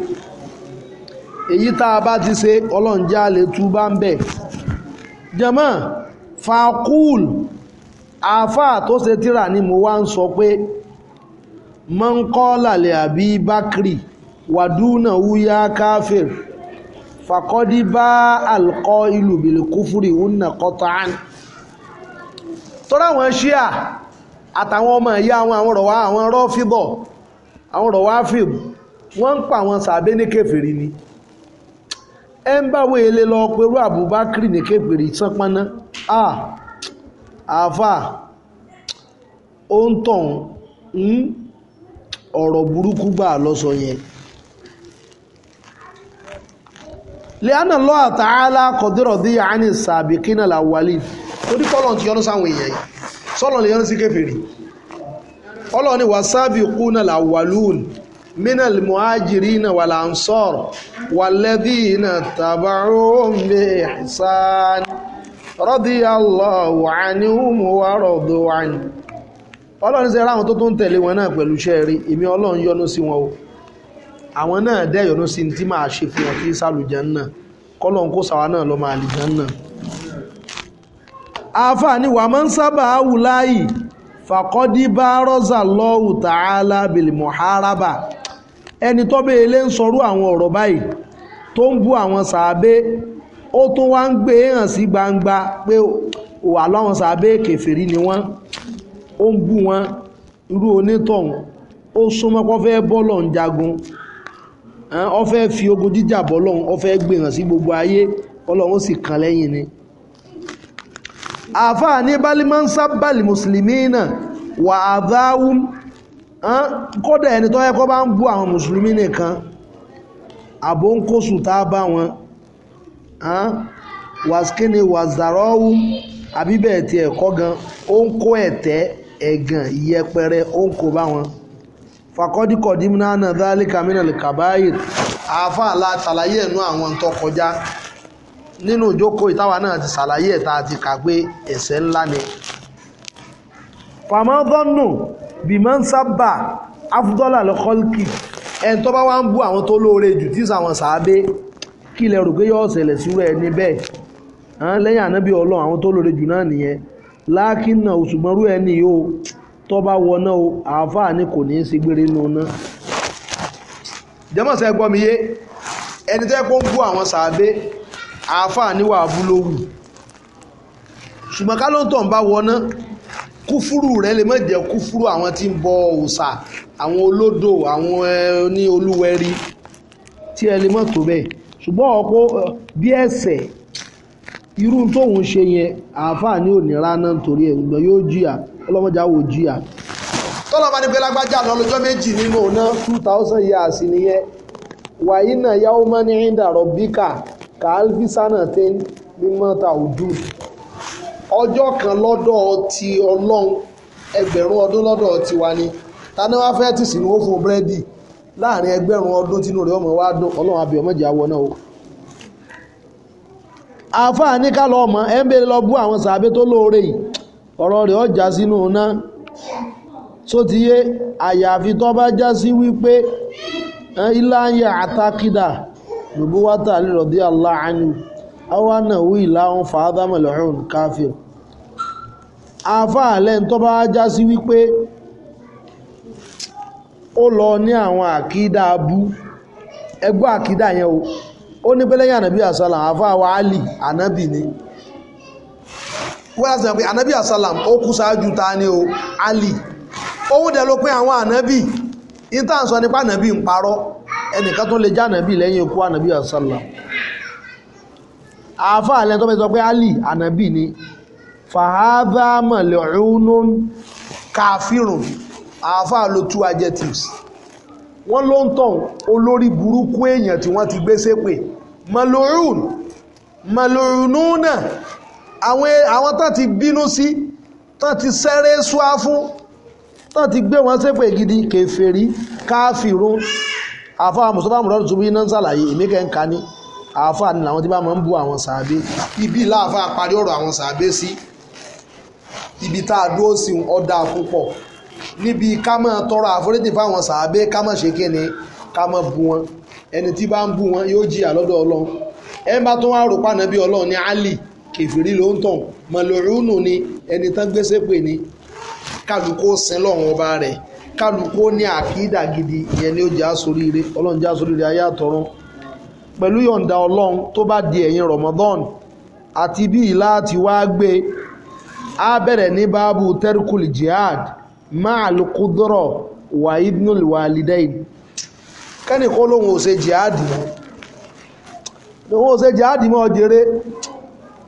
èyí tá a bá ti ṣe ọlọ́run jẹ́ a tú bá ń bẹ̀ jẹ́mọ́ fakul àáfàá tó ṣe tíra ni mo wá ń sọ pé mọ́ńkọ́ làlẹ́ àbí bákìrì wàdúnà wúyá káfíìrì fàkọ́dí bá alkọ́ ìlú bìlì kúfúrì wúnà kọ́tàn tọ́rọ àwọn ṣíà àtàwọn ọmọ ìyá àwọn àwọn rọ̀wá àwọn rọ́fíbọ̀ àwọn rọ̀wá fíìm wọ́n ń pa àwọn sàbẹ́ ní kèfèrí ni ẹ ń lọ pẹ̀lú àbúbákírì ní kèfèrí sánpáná àfà ó ń tàn hmm, ọ̀rọ̀ burúkú gbà lọ́sọ yẹn lẹ́yìn Allah ta'ala kọ̀dírọ̀ dí àánì sàbìkínà làwálì torí pọ́lọ̀ ti yọ́nú sáwọn èèyàn yìí sọ́lọ̀ lè yọ́nú sí kèfèrí ọlọ́ni wà sàbìkúnà làwálùn minal muhajirina wal ansar walladhina taba'uhum bi ihsan radiyallahu anhum wa radu anhu ọlọ́ni sẹ́ra àwọn tó tó ń tẹ̀lé wọn àwọn náà dẹ́yọ̀nú sí ti máa ṣe fún wọn kí sálùjánnà kọ́lọ́n kó sàwa náà lọ máa àlìjánnà àfààní wà máa ń sábà wùláyì fàkọ́dí bá rọ́zà lọ́wù tààlà bìlì mọ̀háràbà ẹni tó bẹ́ẹ̀ lé ń sọrú àwọn ọ̀rọ̀ báyìí tó ń bú àwọn sàábé ó tún wá ń gbé hàn sí gbangba pé wà láwọn sàábé kèfèrí ni wọ́n ó ń bú wọn irú onítọ̀hún ó súnmọ́ kó fẹ́ bọ́ọ̀lọ̀ ń jagun ó fẹ́ fi ogun jíjà bọ́ lọ́hùn ó fẹ́ gbìyàn sí gbogbo ayé ọlọ́run sì kan lẹ́yìn ni àfáà ní balimansa bali mùsùlùmí náà wà àdáwù kódà ẹni tó yẹ kó bá ń bú àwọn mùsùlùmí nìkan àbò ń kó sùtá bá wọn wàskíni wàzàrọ́wù àbíbẹ̀ tiẹ̀ kọ́ gan ó ń kó ẹ̀tẹ́ ẹ̀gàn yẹpẹrẹ ó ń kó bá wọn fàkọ́díkọ̀ dímúná náà dálé kamínà lè kàbáyé àáfà látàlàyé ẹ̀nu àwọn tó kọjá nínú ìjókòó ìtawà náà ti ṣàlàyé ẹ̀ta àti kàgbé ẹ̀ṣẹ̀ ńlá ni. fàmọ́gọ́nù bímọ́nsábà afúdọ́là lọ́kọ́lìkì ẹni tó bá wá ń bú àwọn tó lóore jù tí sàwọn sàábé kí ilẹ̀ rò pé yóò ṣẹlẹ̀ sírò ẹni bẹ́ẹ̀ lẹ́yìn ànábì ọlọ́run àwọn tó lóore jù náà nìyẹn láàkínà òṣùgbọ́n ẹni yóò tó bá wọná o àáfàá ni kò ní í ṣe gbére nínú ná jẹ́mọ̀sẹ̀ gbọ́ mi yé ẹni tẹ́ kó ń bú àwọn sàábé àáfàá ni wàá bú lówù ṣùgbọ́n ká ló ń tọ̀ ń bá wọná kúfúrú rẹ lè má jẹ́ kúfúrú àwọn tí ń bọ òòṣà àwọn olódò àwọn ní olúwẹ̀rí tí ẹ lè má tó bẹ́ẹ̀ ṣùgbọ́n ọkọ bí ẹsẹ̀ irú tóun ṣe yẹn àáfàá ni ò ní rárá nítorí ẹ̀ gbọ́n yóò jìyà ọlọ́mọdé àwò jìyà tọ́lọ́ bá ní pé lágbájá méjì nínú ọ̀nà two thousand years nìyẹn wàyí náà yàwó mọ́ ní ìdàrọ̀ bíkà kàálfìsánà tẹ́ mímọ́ ta òdù ọjọ́ kan lọ́dọ̀ ti ọlọ́run ẹgbẹ̀rún ọdún lọ́dọ̀ ti wa ni tani wá fẹ́ tì sínú ó fún búrẹ́dì láàrin ẹgbẹ̀rún ọdún tínú rẹ̀ ọmọ wa dùn ọlọ́run abẹ́ ọmọ ìjà wọ náà o. àfáà ní ká lọ ń bèrè lọ bú àwọn sàbẹ tó lóore yìí ọ̀rọ̀ rẹ̀ ọjà sínú ọ̀nà tó ti yé àyàfi tó bá já sí wípé iláyà àtàkìdà lùbú wátà lírọ̀dí aláàánú awánà wí ìlàhùn fàádámọ̀lẹ́hùn káfíìn àfáàlẹ́ tó bá já sí wípé ó lọ ní àwọn àkídà ẹgbọ́ àkídà yẹn o ó ní pẹ́lẹ́yìn ànàbí àsálà àfáà wa ni. wọ́n yà sọ pé anabi asalam ó kú ṣáájú ta ni o ali òun dẹ̀ ló pé àwọn anabi ìtàn sọ nípa anabi ń parọ́ ẹnìkan tó lè já anabi lẹ́yìn ikú anabi asalam àáfà alẹ́ tó fẹ́ sọ pé ali anabi ni fàhábà mọ̀lẹ́ọ̀rún kàfírùn àáfà ló two adjectives wọ́n ló ń tàn olórí burúkú èèyàn tí wọ́n ti gbé sépè mọ̀lẹ́ọ̀rún mọ̀lẹ́ọ̀rún náà àwọn àwọn tán ti bínú sí tán ti sẹ́rẹ́ súá fún tán ti gbé wọn ṣépè gidi kèfèrí káfìrún àfáà mùsùlùmá mùrọ̀dù tó bí náà ń ṣàlàyé èmi kẹ́ ń ka ní àáfàá ni làwọn tí bá máa ń bu àwọn sàábé ibi láàfáà parí ọ̀rọ̀ àwọn sàábé sí ibi tá a dúró sí ọ̀dà púpọ̀ níbi ká máa tọrọ àforíjì fáwọn sàábé ká máa ṣe kíni ká máa bu wọn ẹni tí bá ń bu wọn yóò jìyà lọ́dọ̀ ọlọ́run ẹ bá tún wá rò pànàbí ọlọ́run ní Ali kèfìrí ló ń tàn mọ̀lẹ́rúnù ni ẹni tán gbèsè pè ní kálukó sin lọ́wọ́n ọba rẹ̀ kálukó ní àkídà gidi ìyẹn ni ó jẹ́ àsoríire ọlọ́run jẹ́ àsoríire ayé àtọ̀run pẹ̀lú yọ̀ǹda ọlọ́run tó bá di ẹ̀yìn Ramadan àti bíi láti wá gbé a bẹ̀rẹ̀ ní báàbù terkul jihad máàlù kúdọ̀rọ̀ wà ibnul walidain kẹ́nìkan lóhun ò ṣe jihad mọ́ lóhun ò ṣe jihad mọ́ jèrè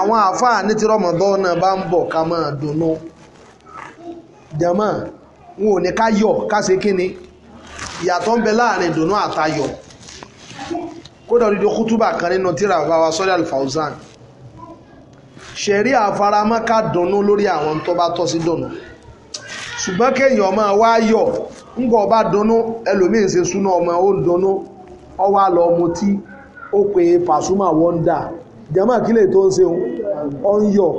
àwọn àáfàá ní ti rọmọdán náà bá ń bọ̀ ká máa dùnnú jàmá wọn ò ní ká yọ̀ ká ṣe kí ni ìyàtọ̀ ń bẹ láàrin ìdùnnú àtayọ̀ kódà odidi kútúbà kan nínú tíra bàbá sọ́lẹ̀ alfauzan ṣẹ̀rí àfaramọ́ká dùnnú lórí àwọn tó bá tọ́ sí dùnnú ṣùgbọ́n kéèyàn máa wá yọ̀ ńgbọ́ ọba dùnnú ẹlòmíín ṣe súná ọmọ ó ń dùnnú ọwọ́ àlọ́ ọmọ tí ó pe Pasuma wọ́ndà jama kílè tó ń seun ọ̀nyọ̀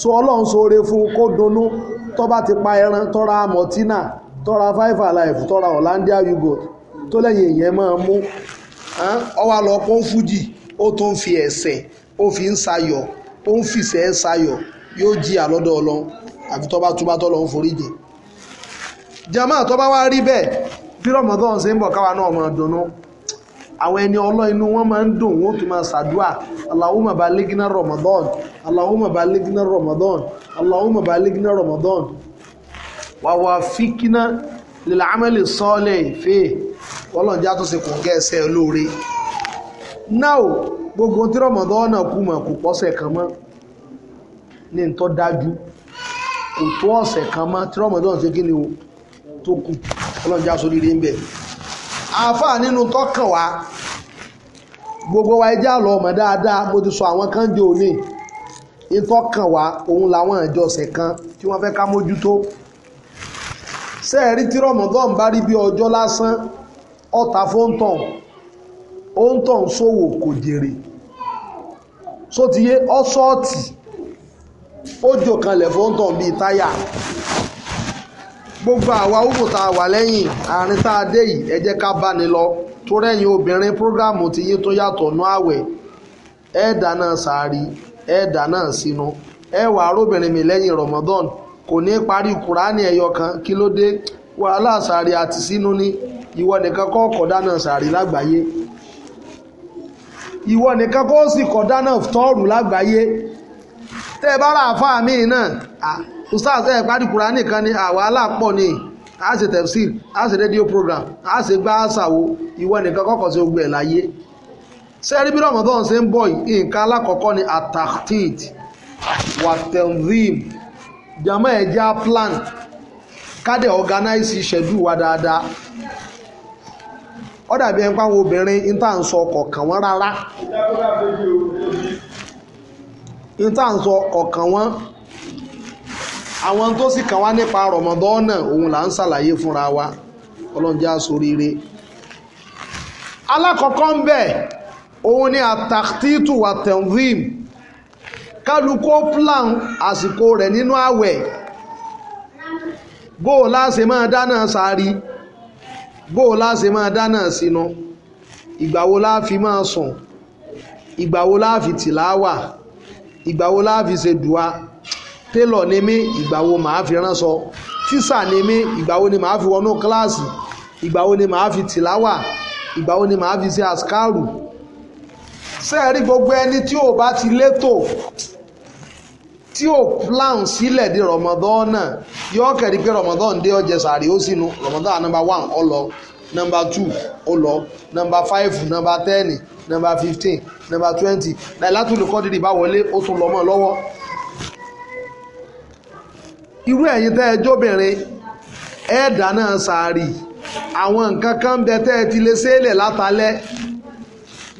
so ọlọ́run sóore fún kó dunnú tó ti pa ẹran tọ́ra mọ̀tínà tọ́ra five alive tọ́ra Hollandia yogurt tó lẹ́yìn èèyàn máa mú lọ pọ́n fújì ó tún fi ẹ̀sẹ̀ ó fi ń sayọ̀ ó ń fìṣẹ́ sayọ̀ yóò jí àlọ́dọ̀ ọlọ́run àfi tó túbá tọ́ lọ́run forí jẹ jama tó wá rí bẹ́ẹ̀ bí ṣe ń bọ̀ káwa náà mọ̀ àwọn ẹni ọlọ́ inú wọn máa ń dùn wọn tún máa ṣàdúà Allahumma balighna Ramadan Allahumma balighna Ramadan Allahumma balighna Ramadan wa wafikna lil amali salih fi ọlọ́run já tó ṣe kò gẹ́ẹ̀ṣẹ́ olóore náà gbogbo tí Ramadan náà kú mọ̀ kò pọ́sẹ̀ kan mọ́ ní ntọ́ dájú kò tó ọ̀sẹ̀ kan mọ́ tí Ramadan ṣe kí ni tó kù ọlọ́run já sórí nínú tọ́kàn wá gbogbo wa ẹjẹ́ àlọ́ ọmọ dáadáa mo ti sọ àwọn kan jẹ́ òní ìtọ́kàn wa òun làwọn ìjọsìn kan tí wọ́n fẹ́ ká mójútó sẹ́ẹ̀rí tí rọ̀mọ́dọ́n bá rí bí ọjọ́ lásán ọ̀tá fóńtàn òǹtàn ṣòwò kò jèrè sótìyé ọ́sọ́ọ̀tì ó jò kanlẹ̀ fóńtàn bíi táyà gbogbo àwa òwò tá a wà lẹ́yìn àárín tá a dé yìí ẹ ká bá ní lọ tó rẹ́yìn obìnrin prógrámù ti yé tó yàtọ̀ nú àwẹ̀ ẹ̀ dáná sàárì ẹ̀ dáná sínú ẹ̀ wà arúbìnrin mi lẹ́yìn Ramadan kò ní parí kùránì ẹ̀yọ kan kí ló dé wàhálà sàárì àti sínú ní ìwọ nìkan kọ́ kọ́ dáná sàárì lágbàáyé ìwọ nìkan kó sì kọ́ dáná tọ́ọ̀rù lágbàáyé tẹ́ ẹ bá ra àfáà míì náà ustaz ẹ̀ parí kùránì kan ní àwàhálà pọ̀ ni. a si tefsir a si rédíò program a si gbá àṣàwò ìwọ nìkan kọ́kọ́ sí ogun ẹ̀ láyé sẹ́rí bí Ramadan ṣe ń bọ̀ yìí nǹkan alákọ̀ọ́kọ́ ni ataktit watenvim jama ẹja plan kádẹ organize schedule wa dáadáa ó dàbí ẹni pàwọn obìnrin intanṣọ wọn rárá wọn àwọn tó sì kàn wá nípa rọmọdọ́nà òun là ń ṣàlàyé fúnra wa ọlọ́njẹ́ àsoríire alákọ̀ọ́kọ́ ń bẹ̀ òun ni àtàkìtìtù wà tẹ̀wìm kálukó plan àsìkò rẹ̀ nínú àwẹ̀ bó o láṣe máa dáná sáárí bó o láṣe máa dáná sínú ìgbà wo máa sùn ìgbà wo tìláwà ìgbà wo ṣe dùá télọ̀ ni mí ìgbà wo màá fi ránṣọ tíṣà ni mí ìgbà wo ni màá fi wọnú kíláàsì ìgbà wo ni màá fi tìláwà ìgbà wo ni màá fi ṣe àṣkárù sẹ́ẹ̀rí gbogbo ẹni tí ò bá ti létò tí ò plan sílẹ̀ di Ramadan náà yọ kẹ̀rí pé Ramadan dé ọjẹ́ sàrí ó sínú Ramadan number one ó lọ number two ó lọ number five number ten number fifteen number twenty láìlátùlù kọ́dìrì bá wọlé ó tún lọ́mọ́ lọ́wọ́ irú ẹ̀yin tẹ́ ẹ jóbìnrin ẹ dáná sàárì àwọn nǹkan kan bẹ tẹ́ ẹ ti lè ṣẹlẹ̀ látàlẹ́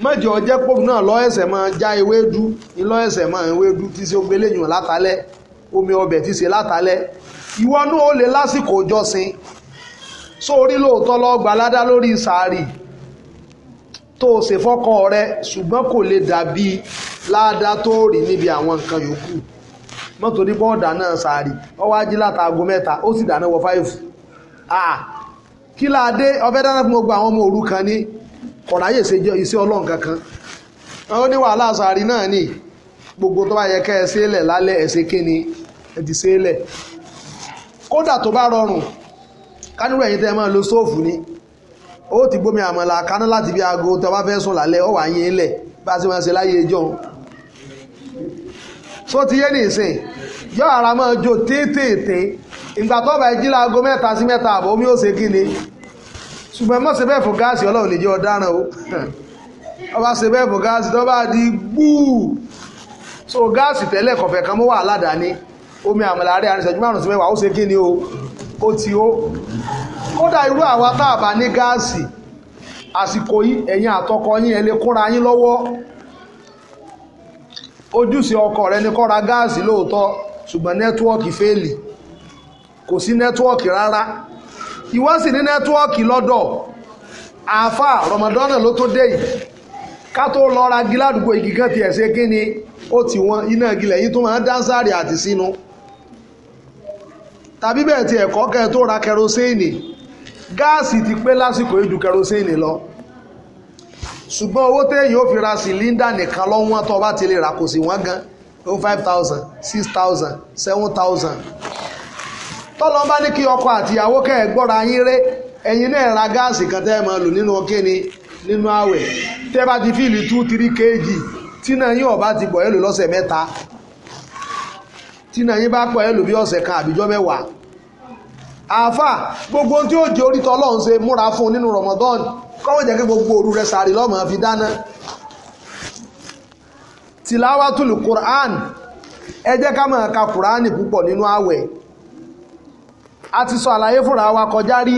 mọ́jọ ọjẹ́ pòrò náà lọ́ ẹ̀sẹ̀ máa já ewédú ńlọ́ ẹ̀sẹ̀ máa ewédú tí ṣe gbélé yùn látàlẹ́ omi ọbẹ̀ ti ṣe látàlẹ́ ìwọ náà ó lè lásìkò ìjọsìn sórí lóòótọ́ lọ́ọ́ gbaládá lórí sàárì tó o ṣe fọ́kọ rẹ ṣùgbọ́n kò lè dàbí láàdá tó rí níbi àwọn nǹkan yòókù mọ́ ní bọ́ọ̀dà náà sàárì ó wá jí mẹ́ta ó sì dáná wọ fáìfù ah kí láadé ọfẹ́ dáná fún gbogbo àwọn ọmọ kan ní iṣẹ́ ọlọ́run kankan ó ní wàhálà sàárì náà gbogbo tó bá yẹ ẹ sílẹ̀ lálẹ́ ti sílẹ̀ kódà tó bá rọrùn kánúrò ẹ̀yìn ni ó ti gbómi kaná láti bí aago tó bá fẹ́ sùn lálẹ́ ó wà a só ti yé nìsín yọ ara máa jó tètè ìgbà tó bá jí láago mẹ́ta sí mẹ́ta àbọ̀ omi ó ṣe kí ni ṣùgbọ́n mọ́ ṣe bẹ́ẹ̀ fún gáàsì ọlọ́run lè jẹ́ ọ̀daràn o ọba [LAUGHS] ṣe bẹ́ẹ̀ fún gáàsì tó bá di gbúù so gáàsì tẹ́lẹ̀ kọ̀fẹ́ kan mọ́ wà aládàáni omi àmàlàrí àríṣẹ́jú márùn sí mẹ́wàá ó ṣe kí ni o ó ti ó kódà irú àwa tá a bá ní gáàsì àsìkò yìí ẹ̀yin àtọkọ yín ẹ lè kóra yín lọ́wọ́ ojúṣe ọkọ rẹ ní kọ́ra gáàsì lóòótọ́ ṣùgbọ́n nẹ́tíwọ́ọ̀kì fẹ́ẹ̀lì kò sí nẹ́tíwọ́ọ̀kì rárá ìwọ sì ní nẹ́tíwọ́ọ̀kì lọ́dọ̀ àáfà rọmọdọ́nà ló tó dé yìí ká tó lọ ra igi ládùúgbò igi kan tiẹ̀ ṣe kí ni ó ti wọn iná igi lẹ́yìn tó máa ń dáńsáàrì àti sínú tàbí bẹ́ẹ̀ ti ẹ̀kọ́ kẹ́ tó ra kẹrosíìnì gáàsì ti pé lásìkò ìdù kẹrosíìnì lọ ṣùgbọ́n owó tẹ́ yóò fi ra sìlíndà nìkan lọ́wọ́n tó bá ti lè rà kò sí wọ́n gan five thousand six thousand seven thousand tọ́lọ́n bá ní kí ọkọ àtìyàwó kẹ́ ẹ̀ gbọ́ra yín ré ẹ̀yin náà ra gáàsì kan tẹ́ ẹ máa lò nínú kíni nínú àwẹ̀ tẹ́ bá ti fíìlì two three kg tí náà yín ọ̀bá ti pọ̀ ẹ́ lò lọ́sẹ̀ mẹ́ta tí náà yín bá pọ̀ ẹ́ lò bí ọ̀sẹ̀ kan àbíjọ́ mẹ́wàá àáfà gbogbo tí ó jẹ́ orítọ́ ọlọrun ṣe múra fún nínú Ramadan kọ́wọ́ jẹ́ kí gbogbo òru rẹ̀ sàrí lọ́mọ fi dáná tilawatul Qur'an ẹ jẹ́ ká máa ka Qur'an púpọ̀ nínú àwẹ̀ a ti sọ àlàyé fúnra wa kọjá rí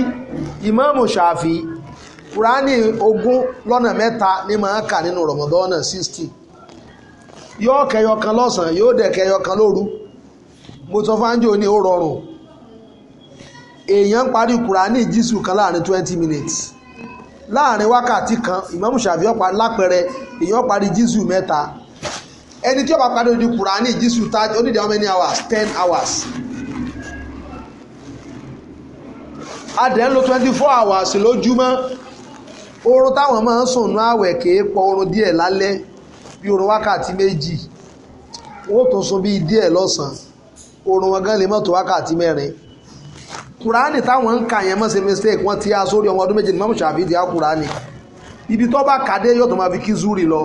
Ìmáàmù Ṣàfi Qur'an ogún lọ́nà mẹ́ta ní máa kà nínú Ramadan 60 yóò kan lọ́sàn yóò dẹ̀ kẹyọkan lóru mo sọ fáńjò ni ó rọrùn èèyàn parí kùránì jísù kan láàrin twenty minutes láàrin wákàtí kan ìmáàmù ṣàfi ọ̀pá lápẹ̀rẹ̀ èèyàn parí jísù mẹ́ta ẹni tí ó bá parí odi kùránì jísù tájì ó nídìí how many hours ten hours adẹ̀ ń lo twenty four hours lójúmọ́ oorun táwọn máa ń sùn nú àwẹ̀ kìí pọ̀ oorun díẹ̀ lálẹ́ bí oorun wákàtí méjì wọ́n tún sùn bíi díẹ̀ lọ́sàn-án oorun wọn gan lè mọ́tò wákàtí mẹ́rin Kurani táwọn ń kà yẹn mọ́ ṣe mistake wọ́n ti há sórí ọmọ ọdún méje ní mọ́mùsà àfi ti há kùránì ibi tó bá kàdé yóò tó máa fi kí zúrì lọ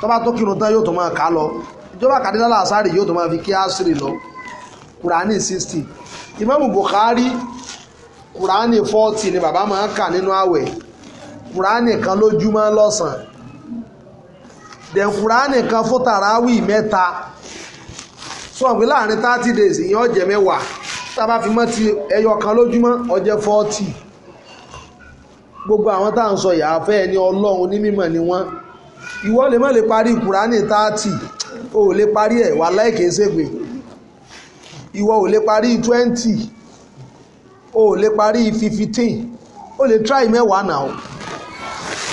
tó bá tó kírun tán yóò tó máa kà lọ ìjọba kàdé lálẹ́ àsárì yóò tó máa fi kí àsìrì lọ kùránì sixty ìmáàmù Bukhari Kurani forty ni bàbá máa ń kà nínú àwẹ̀ kùránì kan lójúmọ́ lọ́sàn-án dẹ̀ kùránì kan fún tàràwì mẹ́ta sọ̀gbìn láàrin thirty days ìyẹn ọ̀jẹ̀ mẹ́wàá tábà fi mọ́ ti ẹyọ kan lójúmọ́ ọjẹ́ fọ́ọ̀tì gbogbo àwọn tá à ń sọ ìyàfẹ́ ẹni ọlọ́run onímọ̀ ni wọ́n ìwọ lè má lè parí kùránì táàtì o ò lè parí ẹ̀ wà láìké ṣègbè ìwọ ò lè parí twenty o ò lè parí fifteen o lè try mẹ́wàá náà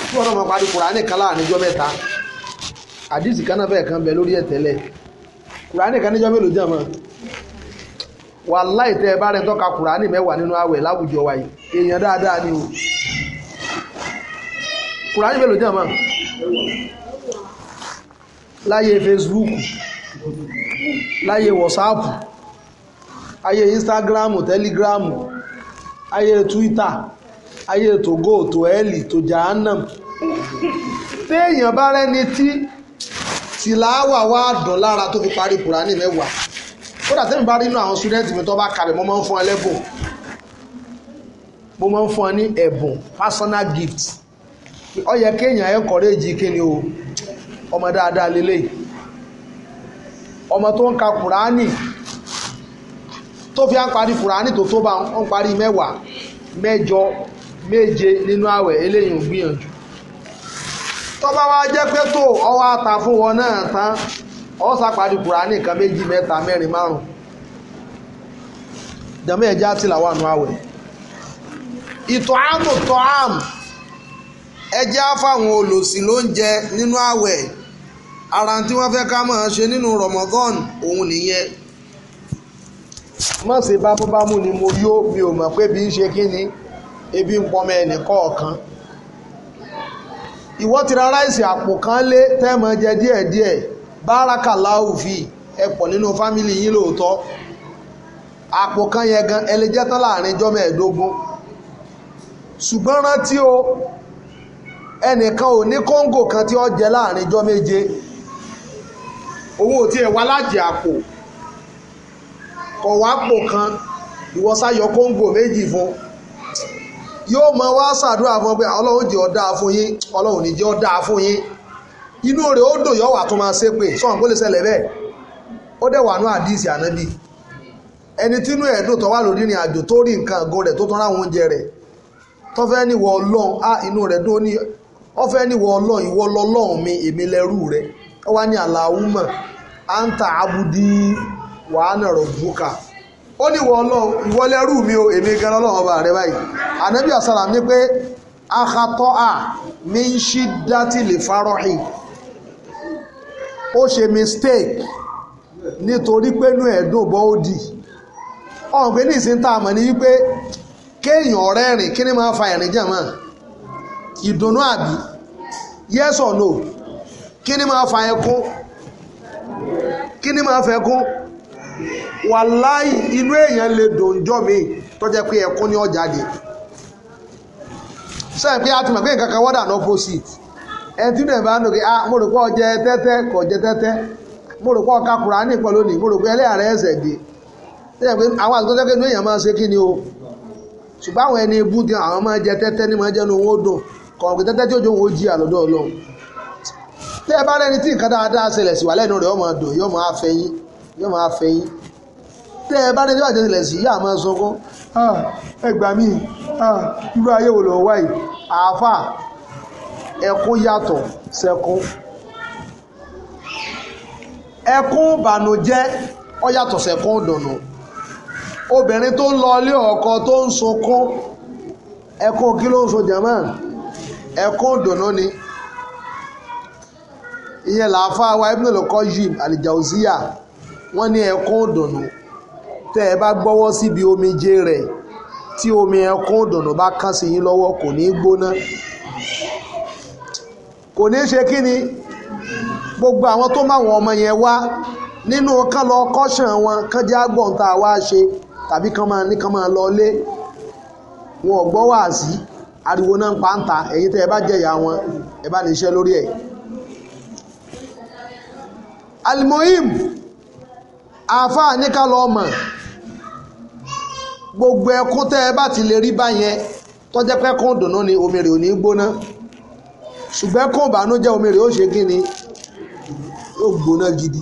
tí wọ́n náà máa parí kùránì kan láàrin ọjọ́ mẹ́ta àdìsí kan náà fẹ́ẹ̀ kan bẹ lórí ẹ̀ tẹ́lẹ̀ kùránì kan níjọ́ mélòó jẹ́ mọ́ wàláì tẹ́ ẹ bá rẹ̀ tọ́ka kùránì mẹ́wàá nínú àwẹ̀ láwùjọ wa yìí èèyàn dáadáa ni o kùránì mélòó jẹ́ àmọ́ láyé Facebook láyé WhatsApp ayé Instagram Telegram ayé Twitter ayé togo toeli tojahannam téèyàn bá rẹ́ni tí tìláwà wá dùn lára tó fi parí kùránì mẹ́wàá kódà tẹ́mi bá rí inú àwọn sùdẹ́ǹtì mi tó bá kalẹ̀ mo máa ń fún ẹ lẹ́bùn mo máa ń fún ẹ ní ẹ̀bùn personal gift ó yẹ kéèyàn ẹ kọ̀rẹ́ẹ̀jì kíni o ọmọ dáadáa lélẹ́yìí ọmọ tó ń ka kùránì tó fi à ń parí kùránì tó tó bá ń parí mẹ́wàá mẹ́jọ méje nínú àwẹ̀ eléyìí ń gbìyànjú tó bá wá jẹ́ pé tó ọwọ́ ata fún wọn náà tán ọ̀sà parí kùránì nǹkan méjì mẹ́ta mẹ́rin márùn jàmọ́ ẹ̀já tìlà wà nù àwẹ̀ ìtọ̀ àmù tọ̀ àmù ẹjẹ́ á fáwọn olòṣì lóúnjẹ nínú àwẹ̀ ara tí wọ́n fẹ́ ká máa ṣe nínú Ramadan òun nìyẹn má ṣe bámúbámú ni mo yó mi ò mọ̀ pé bí ń ṣe kí ni ebi ń pọmọ ẹnì kọ̀ọ̀kan ìwọ́ ti ra ráìsì àpò kan lé tẹ́ẹ̀mọ́ jẹ díẹ̀díẹ̀ báraka láwùfì ẹ pọ̀ nínú fámìlì yín lóòótọ́ àpò kan yẹn gan ẹ lè jẹ́ tán láàrin jọ́ mẹ́ẹ̀ẹ́dógún ṣùgbọ́n rántí o ẹnìkan ò ní kóńgò kan tí ó jẹ láàrin jọ́ méje òun ò tiẹ̀ wá láti àpò kọ̀ wá pò kan ìwọ sáyọ kóńgò méjì fún yóò mọ wá ṣàdúrà fún ọ pé ọlọ́run jẹ́ ó dáa fún yín ọlọ́run ní jẹ́ ó dáa fún yín inú rẹ̀ ó dùn yọ̀wà tó máa sọ̀rọ̀ kó lè ṣẹlẹ̀ bẹ́ẹ̀ ó dẹ̀ wà ní àdìsí ànábì ẹni tó wà lórí àjò tó rí nǹkan rẹ̀ tó tán oúnjẹ rẹ̀ tó fẹ́ níwọ̀ ọlọ́run á inú rẹ̀ dùn ó ní ó mi èmi lẹ́rú rẹ̀ ó wá ní à ń ta abudí rọ̀ bùkà ó ní ọlọ́run ìwọ o èmi gan ọlọ́run ọba báyìí ànábì pé à mi ń ṣí dátìlì fárọ́hìn ó ṣe mistake nítorí pé inú ẹ̀ bọ́ ó dì ọ̀hún pé nísìnyí tá a mọ̀ ní wípé ni máa fa jẹ̀ mọ́ ìdùnnú yes or no kí ni máa fa ẹkún kí ni máa fa ẹkún wàláì inú èèyàn lè mi tó pé ẹkún ni ó jáde sẹ́yìn pé a ti mọ̀ pé nǹkan ẹni tí náà bá nù kí ah, mo rò pé ọjẹ tẹ́tẹ́ kò jẹ tẹ́tẹ́ mo rò pé ọka Kùránì pẹ̀lú ni mo rò ẹsẹ̀ di àwọn àtúntò tẹ́tẹ́ ní èèyàn máa ṣe kí ni o ṣùgbọ́n àwọn ẹni ibú ti àwọn máa jẹ máa owó dùn tí ó jí àlọ́dọ̀ Ọlọ́run ẹ bá tí nǹkan dáadáa ṣẹlẹ̀ sí wà lẹ́nu rẹ̀ yóò máa dùn yóò máa ẹkún yàtọ̀ sẹ́kún ẹkún ìbànújẹ́ ọ yàtọ̀ sẹ́kún ìdùnnú obìnrin tó ń lọ ilé ọkọ tó ń sunkún ẹkún kí ló ń sun jama ni ìyẹn làáfà wa Ibn al-Qayyim al wọ́n ní ẹkún ìdùnnú tẹ́ ẹ bá omi ẹkún bá sí yín lọ́wọ́ kò ní ṣe kí ni gbogbo àwọn tó máa wọn ọmọ yẹn wá nínú kán lọ kọ́ṣàn wọn kán jẹ́ àgbọ̀ǹta wá ṣe tàbí kán máa ní kán máa lọ lé wọn ò gbọ́ wàásì ariwo náà ń pa ń ta ẹ̀yin tẹ́ ẹ bá jẹ̀yà wọn ẹ bá ní iṣẹ́ lórí ẹ̀. alimohim àáfàá ní ká lọ mọ̀ gbogbo ẹkún tẹ́ ẹ bá ti lè rí báyẹn tọ́jẹ́ pẹ́kún dùnú ni omi rẹ̀ ò ní gbóná ṣùgbọ́n kó ìbànújẹ́ omi rẹ̀ ó ṣe kí ni ó gbóná gidi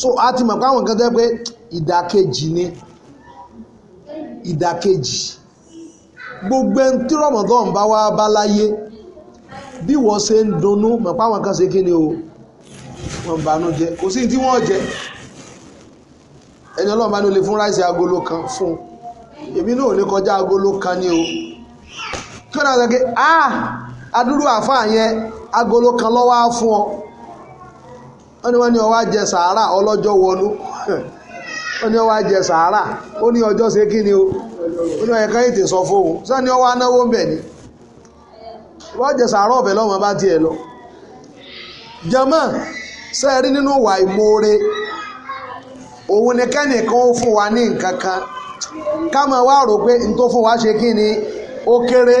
so a ti mọ̀ pé àwọn nǹkan tẹ́ pé ìdàkejì ni ìdàkejì gbogbo ẹni tí Ramadan bá wá bá láyé bí wọ́n ṣe ń dunnú mọ̀ pé àwọn kan ṣe kí ni o wọ́n bànújẹ́ kò sí tí wọ́n jẹ ẹni ọlọ́run bá ní o lè fún ráìsì agolo kan fún un èmi náà ò ní kọjá agolo kan ni o. kí wọ́n a adúrú agolo kan lọ́wọ́ á fún ọ wọ́n wọ́n ní ọwọ́ jẹ sàárà ọlọ́jọ́ wọnú [LAUGHS] wọ́n ní ọwọ́ jẹ sàárà ó ní ọjọ́ ṣe kí ni o ó ní ọ̀yẹ̀ká ètè sọ fún òun sọ ni ọwọ́ anáwó ń bẹ̀ ni jẹ sàárà ọ̀fẹ́ bá tiẹ̀ lọ. jama sẹ́ẹ̀rí nínú wà ìmoore òun ni kẹ́nìkan fún wa ní nǹkan kan ká máa wá rò pé wa ṣe ó kéré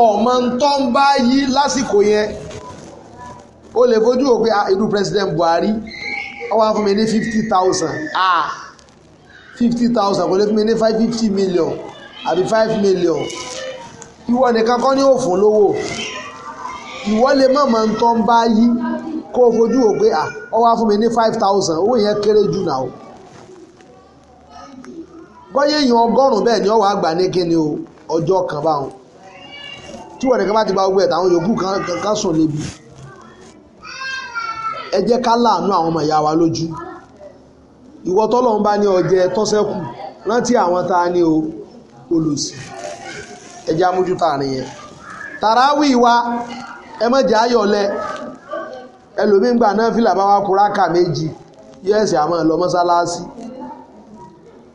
ọmọ tó ń bá yí lásìkò yẹn ó lè fojú wò pé ah, irú president Buhari ó fún mi ní fifty thousand ah fifty thousand kò lè fún mi ní five fifty million àbí five million ìwọ nìkan kọ́ ni ó fún lówó ìwọ lè má máa ń ń bá yí kó fojú wò pé ah, ó fún mi ní five thousand owó yẹn kéré jù náà. bọ́yé èèyàn ọgọ́rùn-ún bẹ́ẹ̀ ni ọwọ́ àgbà ní o ọjọ́ kan báwọn tí wọ́n bá ti bá gbogbo táwọn yòókù kan sùn lébi ẹ jẹ́ ká láàánú àwọn ọmọ ìyá wa lójú ìwọ tọ́lọ́run bá ní ọjẹ́ tọ́sẹ́kù rántí àwọn tá a ní o olùsí ẹ jẹ́ amójútó àárín yẹn tàràwì wa ẹ má jẹ́ ayọ̀lẹ̀ ẹlòmíín gbà náà fìlà bá wa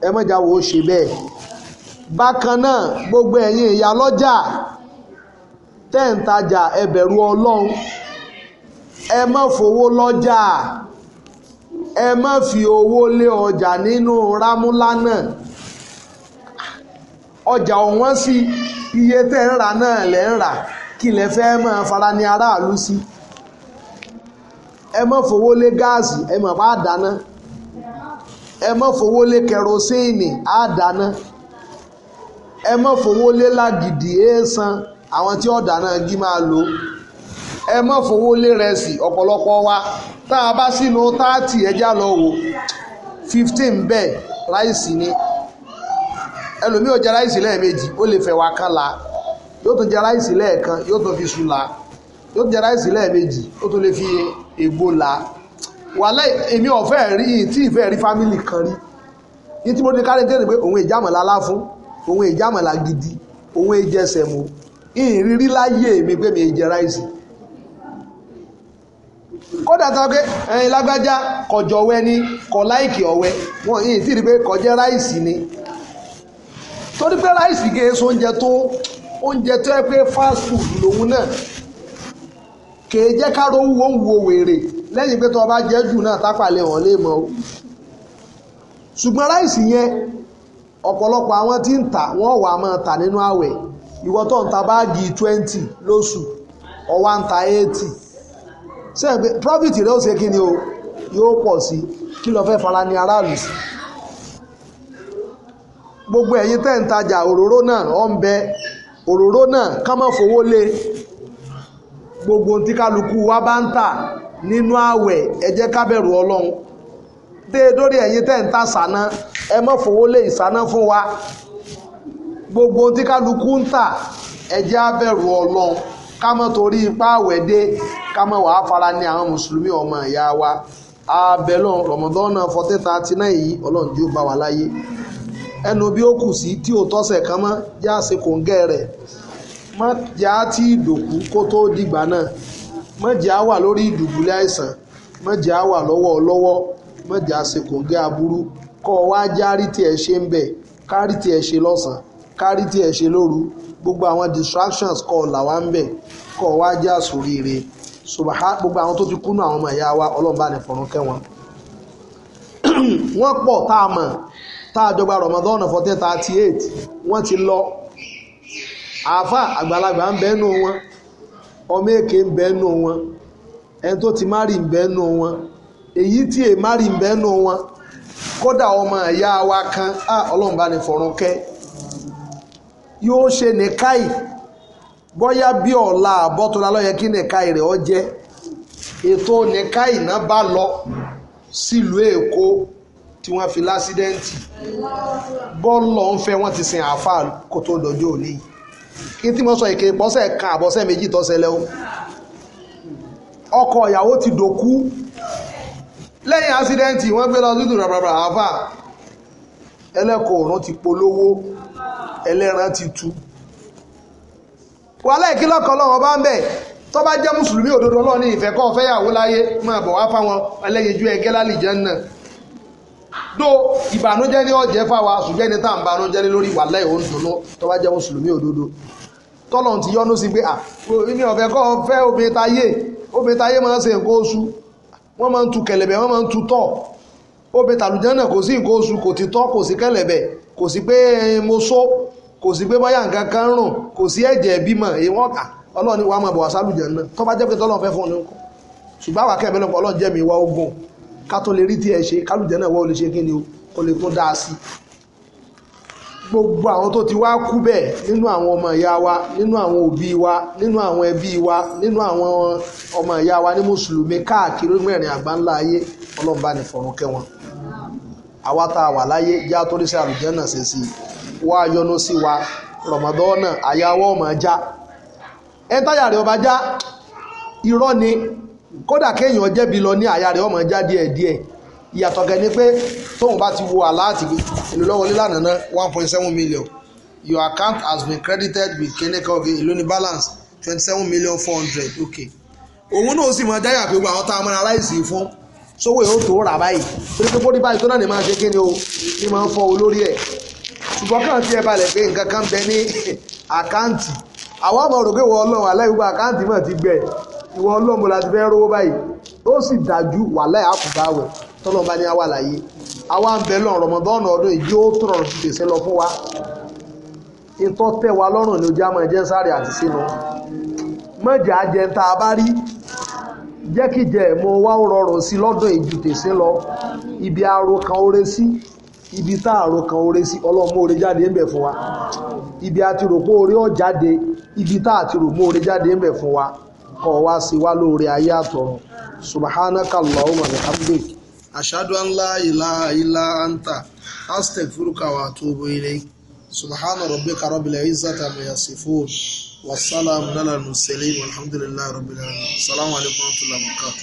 ẹ mọ̀jà wo ṣe bẹ́ẹ̀ bákan náà gbogbo ẹ̀yin ìyá lọ́jà tẹ́ ń tajà ẹ bẹ̀rù ọlọ́run ẹ má fowó lọ́jà ẹ má fi owó lé ọjà nínú rámúlá náà ọjà ọ̀wọ́n sí iye tẹ́ ń rà náà lẹ́ ń rà kí lẹ fẹ́ máa fara ní aráàlú sí ẹ má fowó lé gáàsì ẹ má bá dáná. ẹ má fowó lé kẹrosíìnì èèsàn àwọn tí ọ̀dà náà gí máa lò ẹ wa tá bá sínú táàtì ẹja lọ wò bẹ́ẹ̀ ráìsì ni ẹlòmíì ò jẹ ráìsì lẹ́ẹ̀mejì ó lè fẹ́ wa kán la fi sùn la yóò tún jẹ ráìsì lẹ́ẹ̀mejì fi egbò la. wàhálà èmi ọ̀fẹ́ rí tí ìfẹ́ rí fámìlì kan rí ní tí mo ní kárí tẹ́lẹ̀ pé òun ìjàmọ̀lá láfún òun ìjàmọ̀lá gidi òun ìjẹsẹ̀ mu ìrírí láyé mi pé mi ìjẹ ráìsì kódà tó pé ẹyin lágbájá kọjọ ọwẹ ni kọ láìkì ọwẹ wọn yìí tí ì pé kọjẹ ráìsì ni torí pé ráìsì gé so oúnjẹ tó oúnjẹ tó yẹ pé fast food lòun náà kèé jẹ́ ká rówó wo wèrè lẹ́yìn pé tó o bá jẹ́ jù náà tápàlẹ̀ wọ́n lè mọ̀ o ṣùgbọ́n ráìsì yẹn ọ̀pọ̀lọpọ̀ àwọn tí ń tà wọ́n wà máa tà nínú àwẹ̀ ìwọ tó ń ta báàgì twenty lóṣù ọ̀wá ń ta eighty pé profit rẹ ó ṣe kí ni o yóò pọ̀ sí kí lọ fẹ́ fara ní aráàlú sí gbogbo ẹ̀yin tẹ́ ń tajà òróró náà ọ̀ ń bẹ òróró náà ká má fowó lé gbogbo tí kálukú wa bá ń tà nínú ààwẹ̀ ẹ jẹ́ ká bẹ̀rù ọlọ́run déédórí ẹ̀yin tẹ́ ń ta sànà ẹ má fowó lé ìsànà fún wa gbogbo tí kálukú ń tà ẹ jẹ́ ọlọ́run ká torí ipá ààwẹ̀ dé ká wàá fara ní àwọn mùsùlùmí ọmọ ìyá wa abẹ́lọ́ rọ̀mọ̀dọ́nà fourteen thirty nine yìí ọlọ́run yóò bá wa láyé ẹnu bí ó kù sí tí ò tọ́sẹ̀ kan mọ́ yá àsìkò ń gẹ́ rẹ̀ mọ̀jẹ̀ á tí ìdòkú kó tó dìgbà náà mọ̀jẹ̀ á wà lórí ìdùbúlẹ̀ àìsàn mọ̀jẹ̀ a wà lọwọ lọ́wọ́ mọ̀jẹ̀ á ṣe kòǹgẹ́ aburú kọ́ ọ wá járí tí ẹ ṣe ń bẹ̀ kárí tí ẹ ṣe lọ́sàn kárí tí ẹ ṣe lóru gbogbo àwọn distractions kọ́ ọ làwa ń bẹ̀ kọ́ ọ wá já sóríire subaha gbogbo àwọn tó ti kúnú àwọn ọmọ ìyá wa ọlọ́ọ̀bá ní fọ̀rùn kẹ́ wọn. [CLEARS THROAT] wọ́n pọ̀ tá a mọ̀ tá a jọba Ramadan fourteen thirty eight wọ́n ti lọ àáfà àgbàlagbà ń bẹ nù wọn ọmọ èké ń nù wọn ẹni tó ti márì ń nù wọn èyí tí è márì ń wọn kódà ọmọ wa kan á ọlọ́run bá ní fọ̀rùn kẹ́ yóò ṣe nìkáì bóyá bí ọ̀la àbọ̀tọ́lá ló yẹ kí nìkáì rẹ̀ ọ jẹ́ ètò nìkáì náà bá lọ sílùú èkó tí wọ́n fi lásídẹ́ǹtì bọ́ọ̀lù ọ̀hún ti sin àáfàá kó tó dọjọ́ kí tí mo sọ èké pọ́sẹ̀ kan àbọ̀sẹ̀ méjì tọ́sẹ̀lẹ̀ o ọkọ ìyàwó ti dòkú lẹ́yìn ásídẹ́ǹtì wọ́n gbé lọ dúdú ràbàrà àáfà ẹlẹ́kọ̀ọ́ ọ̀run ti polówó ẹlẹ́ran ti tu wà láìkí lọ́kọ̀ lọ́wọ́ bá ń bẹ̀ tó bá jẹ́ mùsùlùmí òdodo Ọlọ́run ní ìfẹ́ kọ́ fẹ́yàwó láyé máa bọ̀ wá fáwọn ẹlẹ́yinjú ẹgẹ́ lálìjẹ́ náà do ìbànújẹ́ ní ọ̀jẹ́ fáwa ṣùgbẹ́ ní táà ń banújẹ́ lé lórí ìwà lẹ́yìn òun dùnú tó bá jẹ́ mùsùlùmí òdodo tọ́lọ̀ ti yọ́nú sí pé à ní ọ̀fẹ́ kọ́ fẹ́ obìnrin táyé obìnrin táyé máa ń ṣe nǹkan oṣù wọ́n máa ń tu kẹ̀lẹ̀bẹ̀ wọ́n máa ń tu tọ̀ obìnrin tàlùjẹ́ náà kò sí nǹkan oṣù kò ti tọ́ kò sí kẹ̀lẹ̀bẹ̀ kò sí pé mo só kò sí pé báyà nǹkan kan rùn kò sí ẹ̀jẹ̀ bímọ èèwọ̀n kà ọlọ́run ni wàá máa bọ̀ wá sálùjẹ́ náà tọ́ bá jẹ́ pé tọ́lọ́ fẹ́ fún ọ ní nǹkan ṣùgbọ́n àwọn akẹ́bẹ̀ẹ́ lọ́pọ̀ ọlọ́run jẹ́ mi wá ogun ká tó lè rí tiẹ̀ ṣe kálùjẹ́ náà wọ́n lè ṣe kí ni o kò lè tún dáa sí gbogbo àwọn tó ti wá kú bẹ́ẹ̀ nínú àwọn ọmọ ìyá wa nínú àwọn òbí wa nínú àwọn ẹbí wa nínú àwọn ọmọ ìyá wa ní mùsùlùmí káàkiri mẹ́rin àgbáńlá ayé ọlọ́mbà ní fọ̀run kẹ́ wọn àwa tá a wà láyé já torí sí àlùjànnà ṣe sí wá yọ́nú sí wa rọ̀mọdọ́nà àyàwó ọmọ já ẹ táyà rẹ̀ ọba já irọ́ ni kódà kéèyàn jẹ́bi lọ ní àyà rẹ̀ ọmọ já díẹ̀ díẹ̀ ìyàtọ̀ gẹ̀ ni pé tóun bá ti wo aláàtì èlò lọ́wọ́lé lánàá one point seven million your account has been credited with kennekan oge èlò balance twenty seven million four hundred okay òun náà sì máa jáyà pé gbogbo àwọn tá a máa aláìsí fún sówó yóò tó rà báyìí torí pé bóde báyìí tó náà ní máa ṣe kíni o ní máa ń fọ olórí ẹ̀ ṣùgbọ́n kàn tiẹ̀ balẹ̀ pé nǹkan kan bẹ ní [LAUGHS] àkáǹtì àwọn ọmọ rògbé wọ ọlọ́run aláìwúgbọ́ àkáǹtì náà ti gbẹ ìwọ ọlọ́mọ láti fẹ́ rówó báyìí ó sì dájú wàhálà àkùbá wẹ̀ tọ́lọ́ bá ní àwa láyé àwa ń bẹ lọ́rùn rọmọdọ́nù ọdún ìjó tọrọ ti lọ fún wa ìtọ́ tẹ̀ wá lọ́rùn ní ojú àmọ́ ẹ̀jẹ̀ sáré àti sínú a bá rí mo lọ ibi àrò kan ó ibi tá àrò kan ó rẹ sí ọlọ́mọ jáde wa ibi ọ̀ jáde ibi kọ́ wá sí wá lóore ayé àtọ̀run subhanaka allahumma bihamdik ashhadu an la ilaha illa anta astaghfiruka wa atubu ilayk subhana rabbika rabbil izzati amma yasifun wassalamu ala al-mursalin walhamdulillahi rabbil alamin wa rahmatullahi wa barakatuh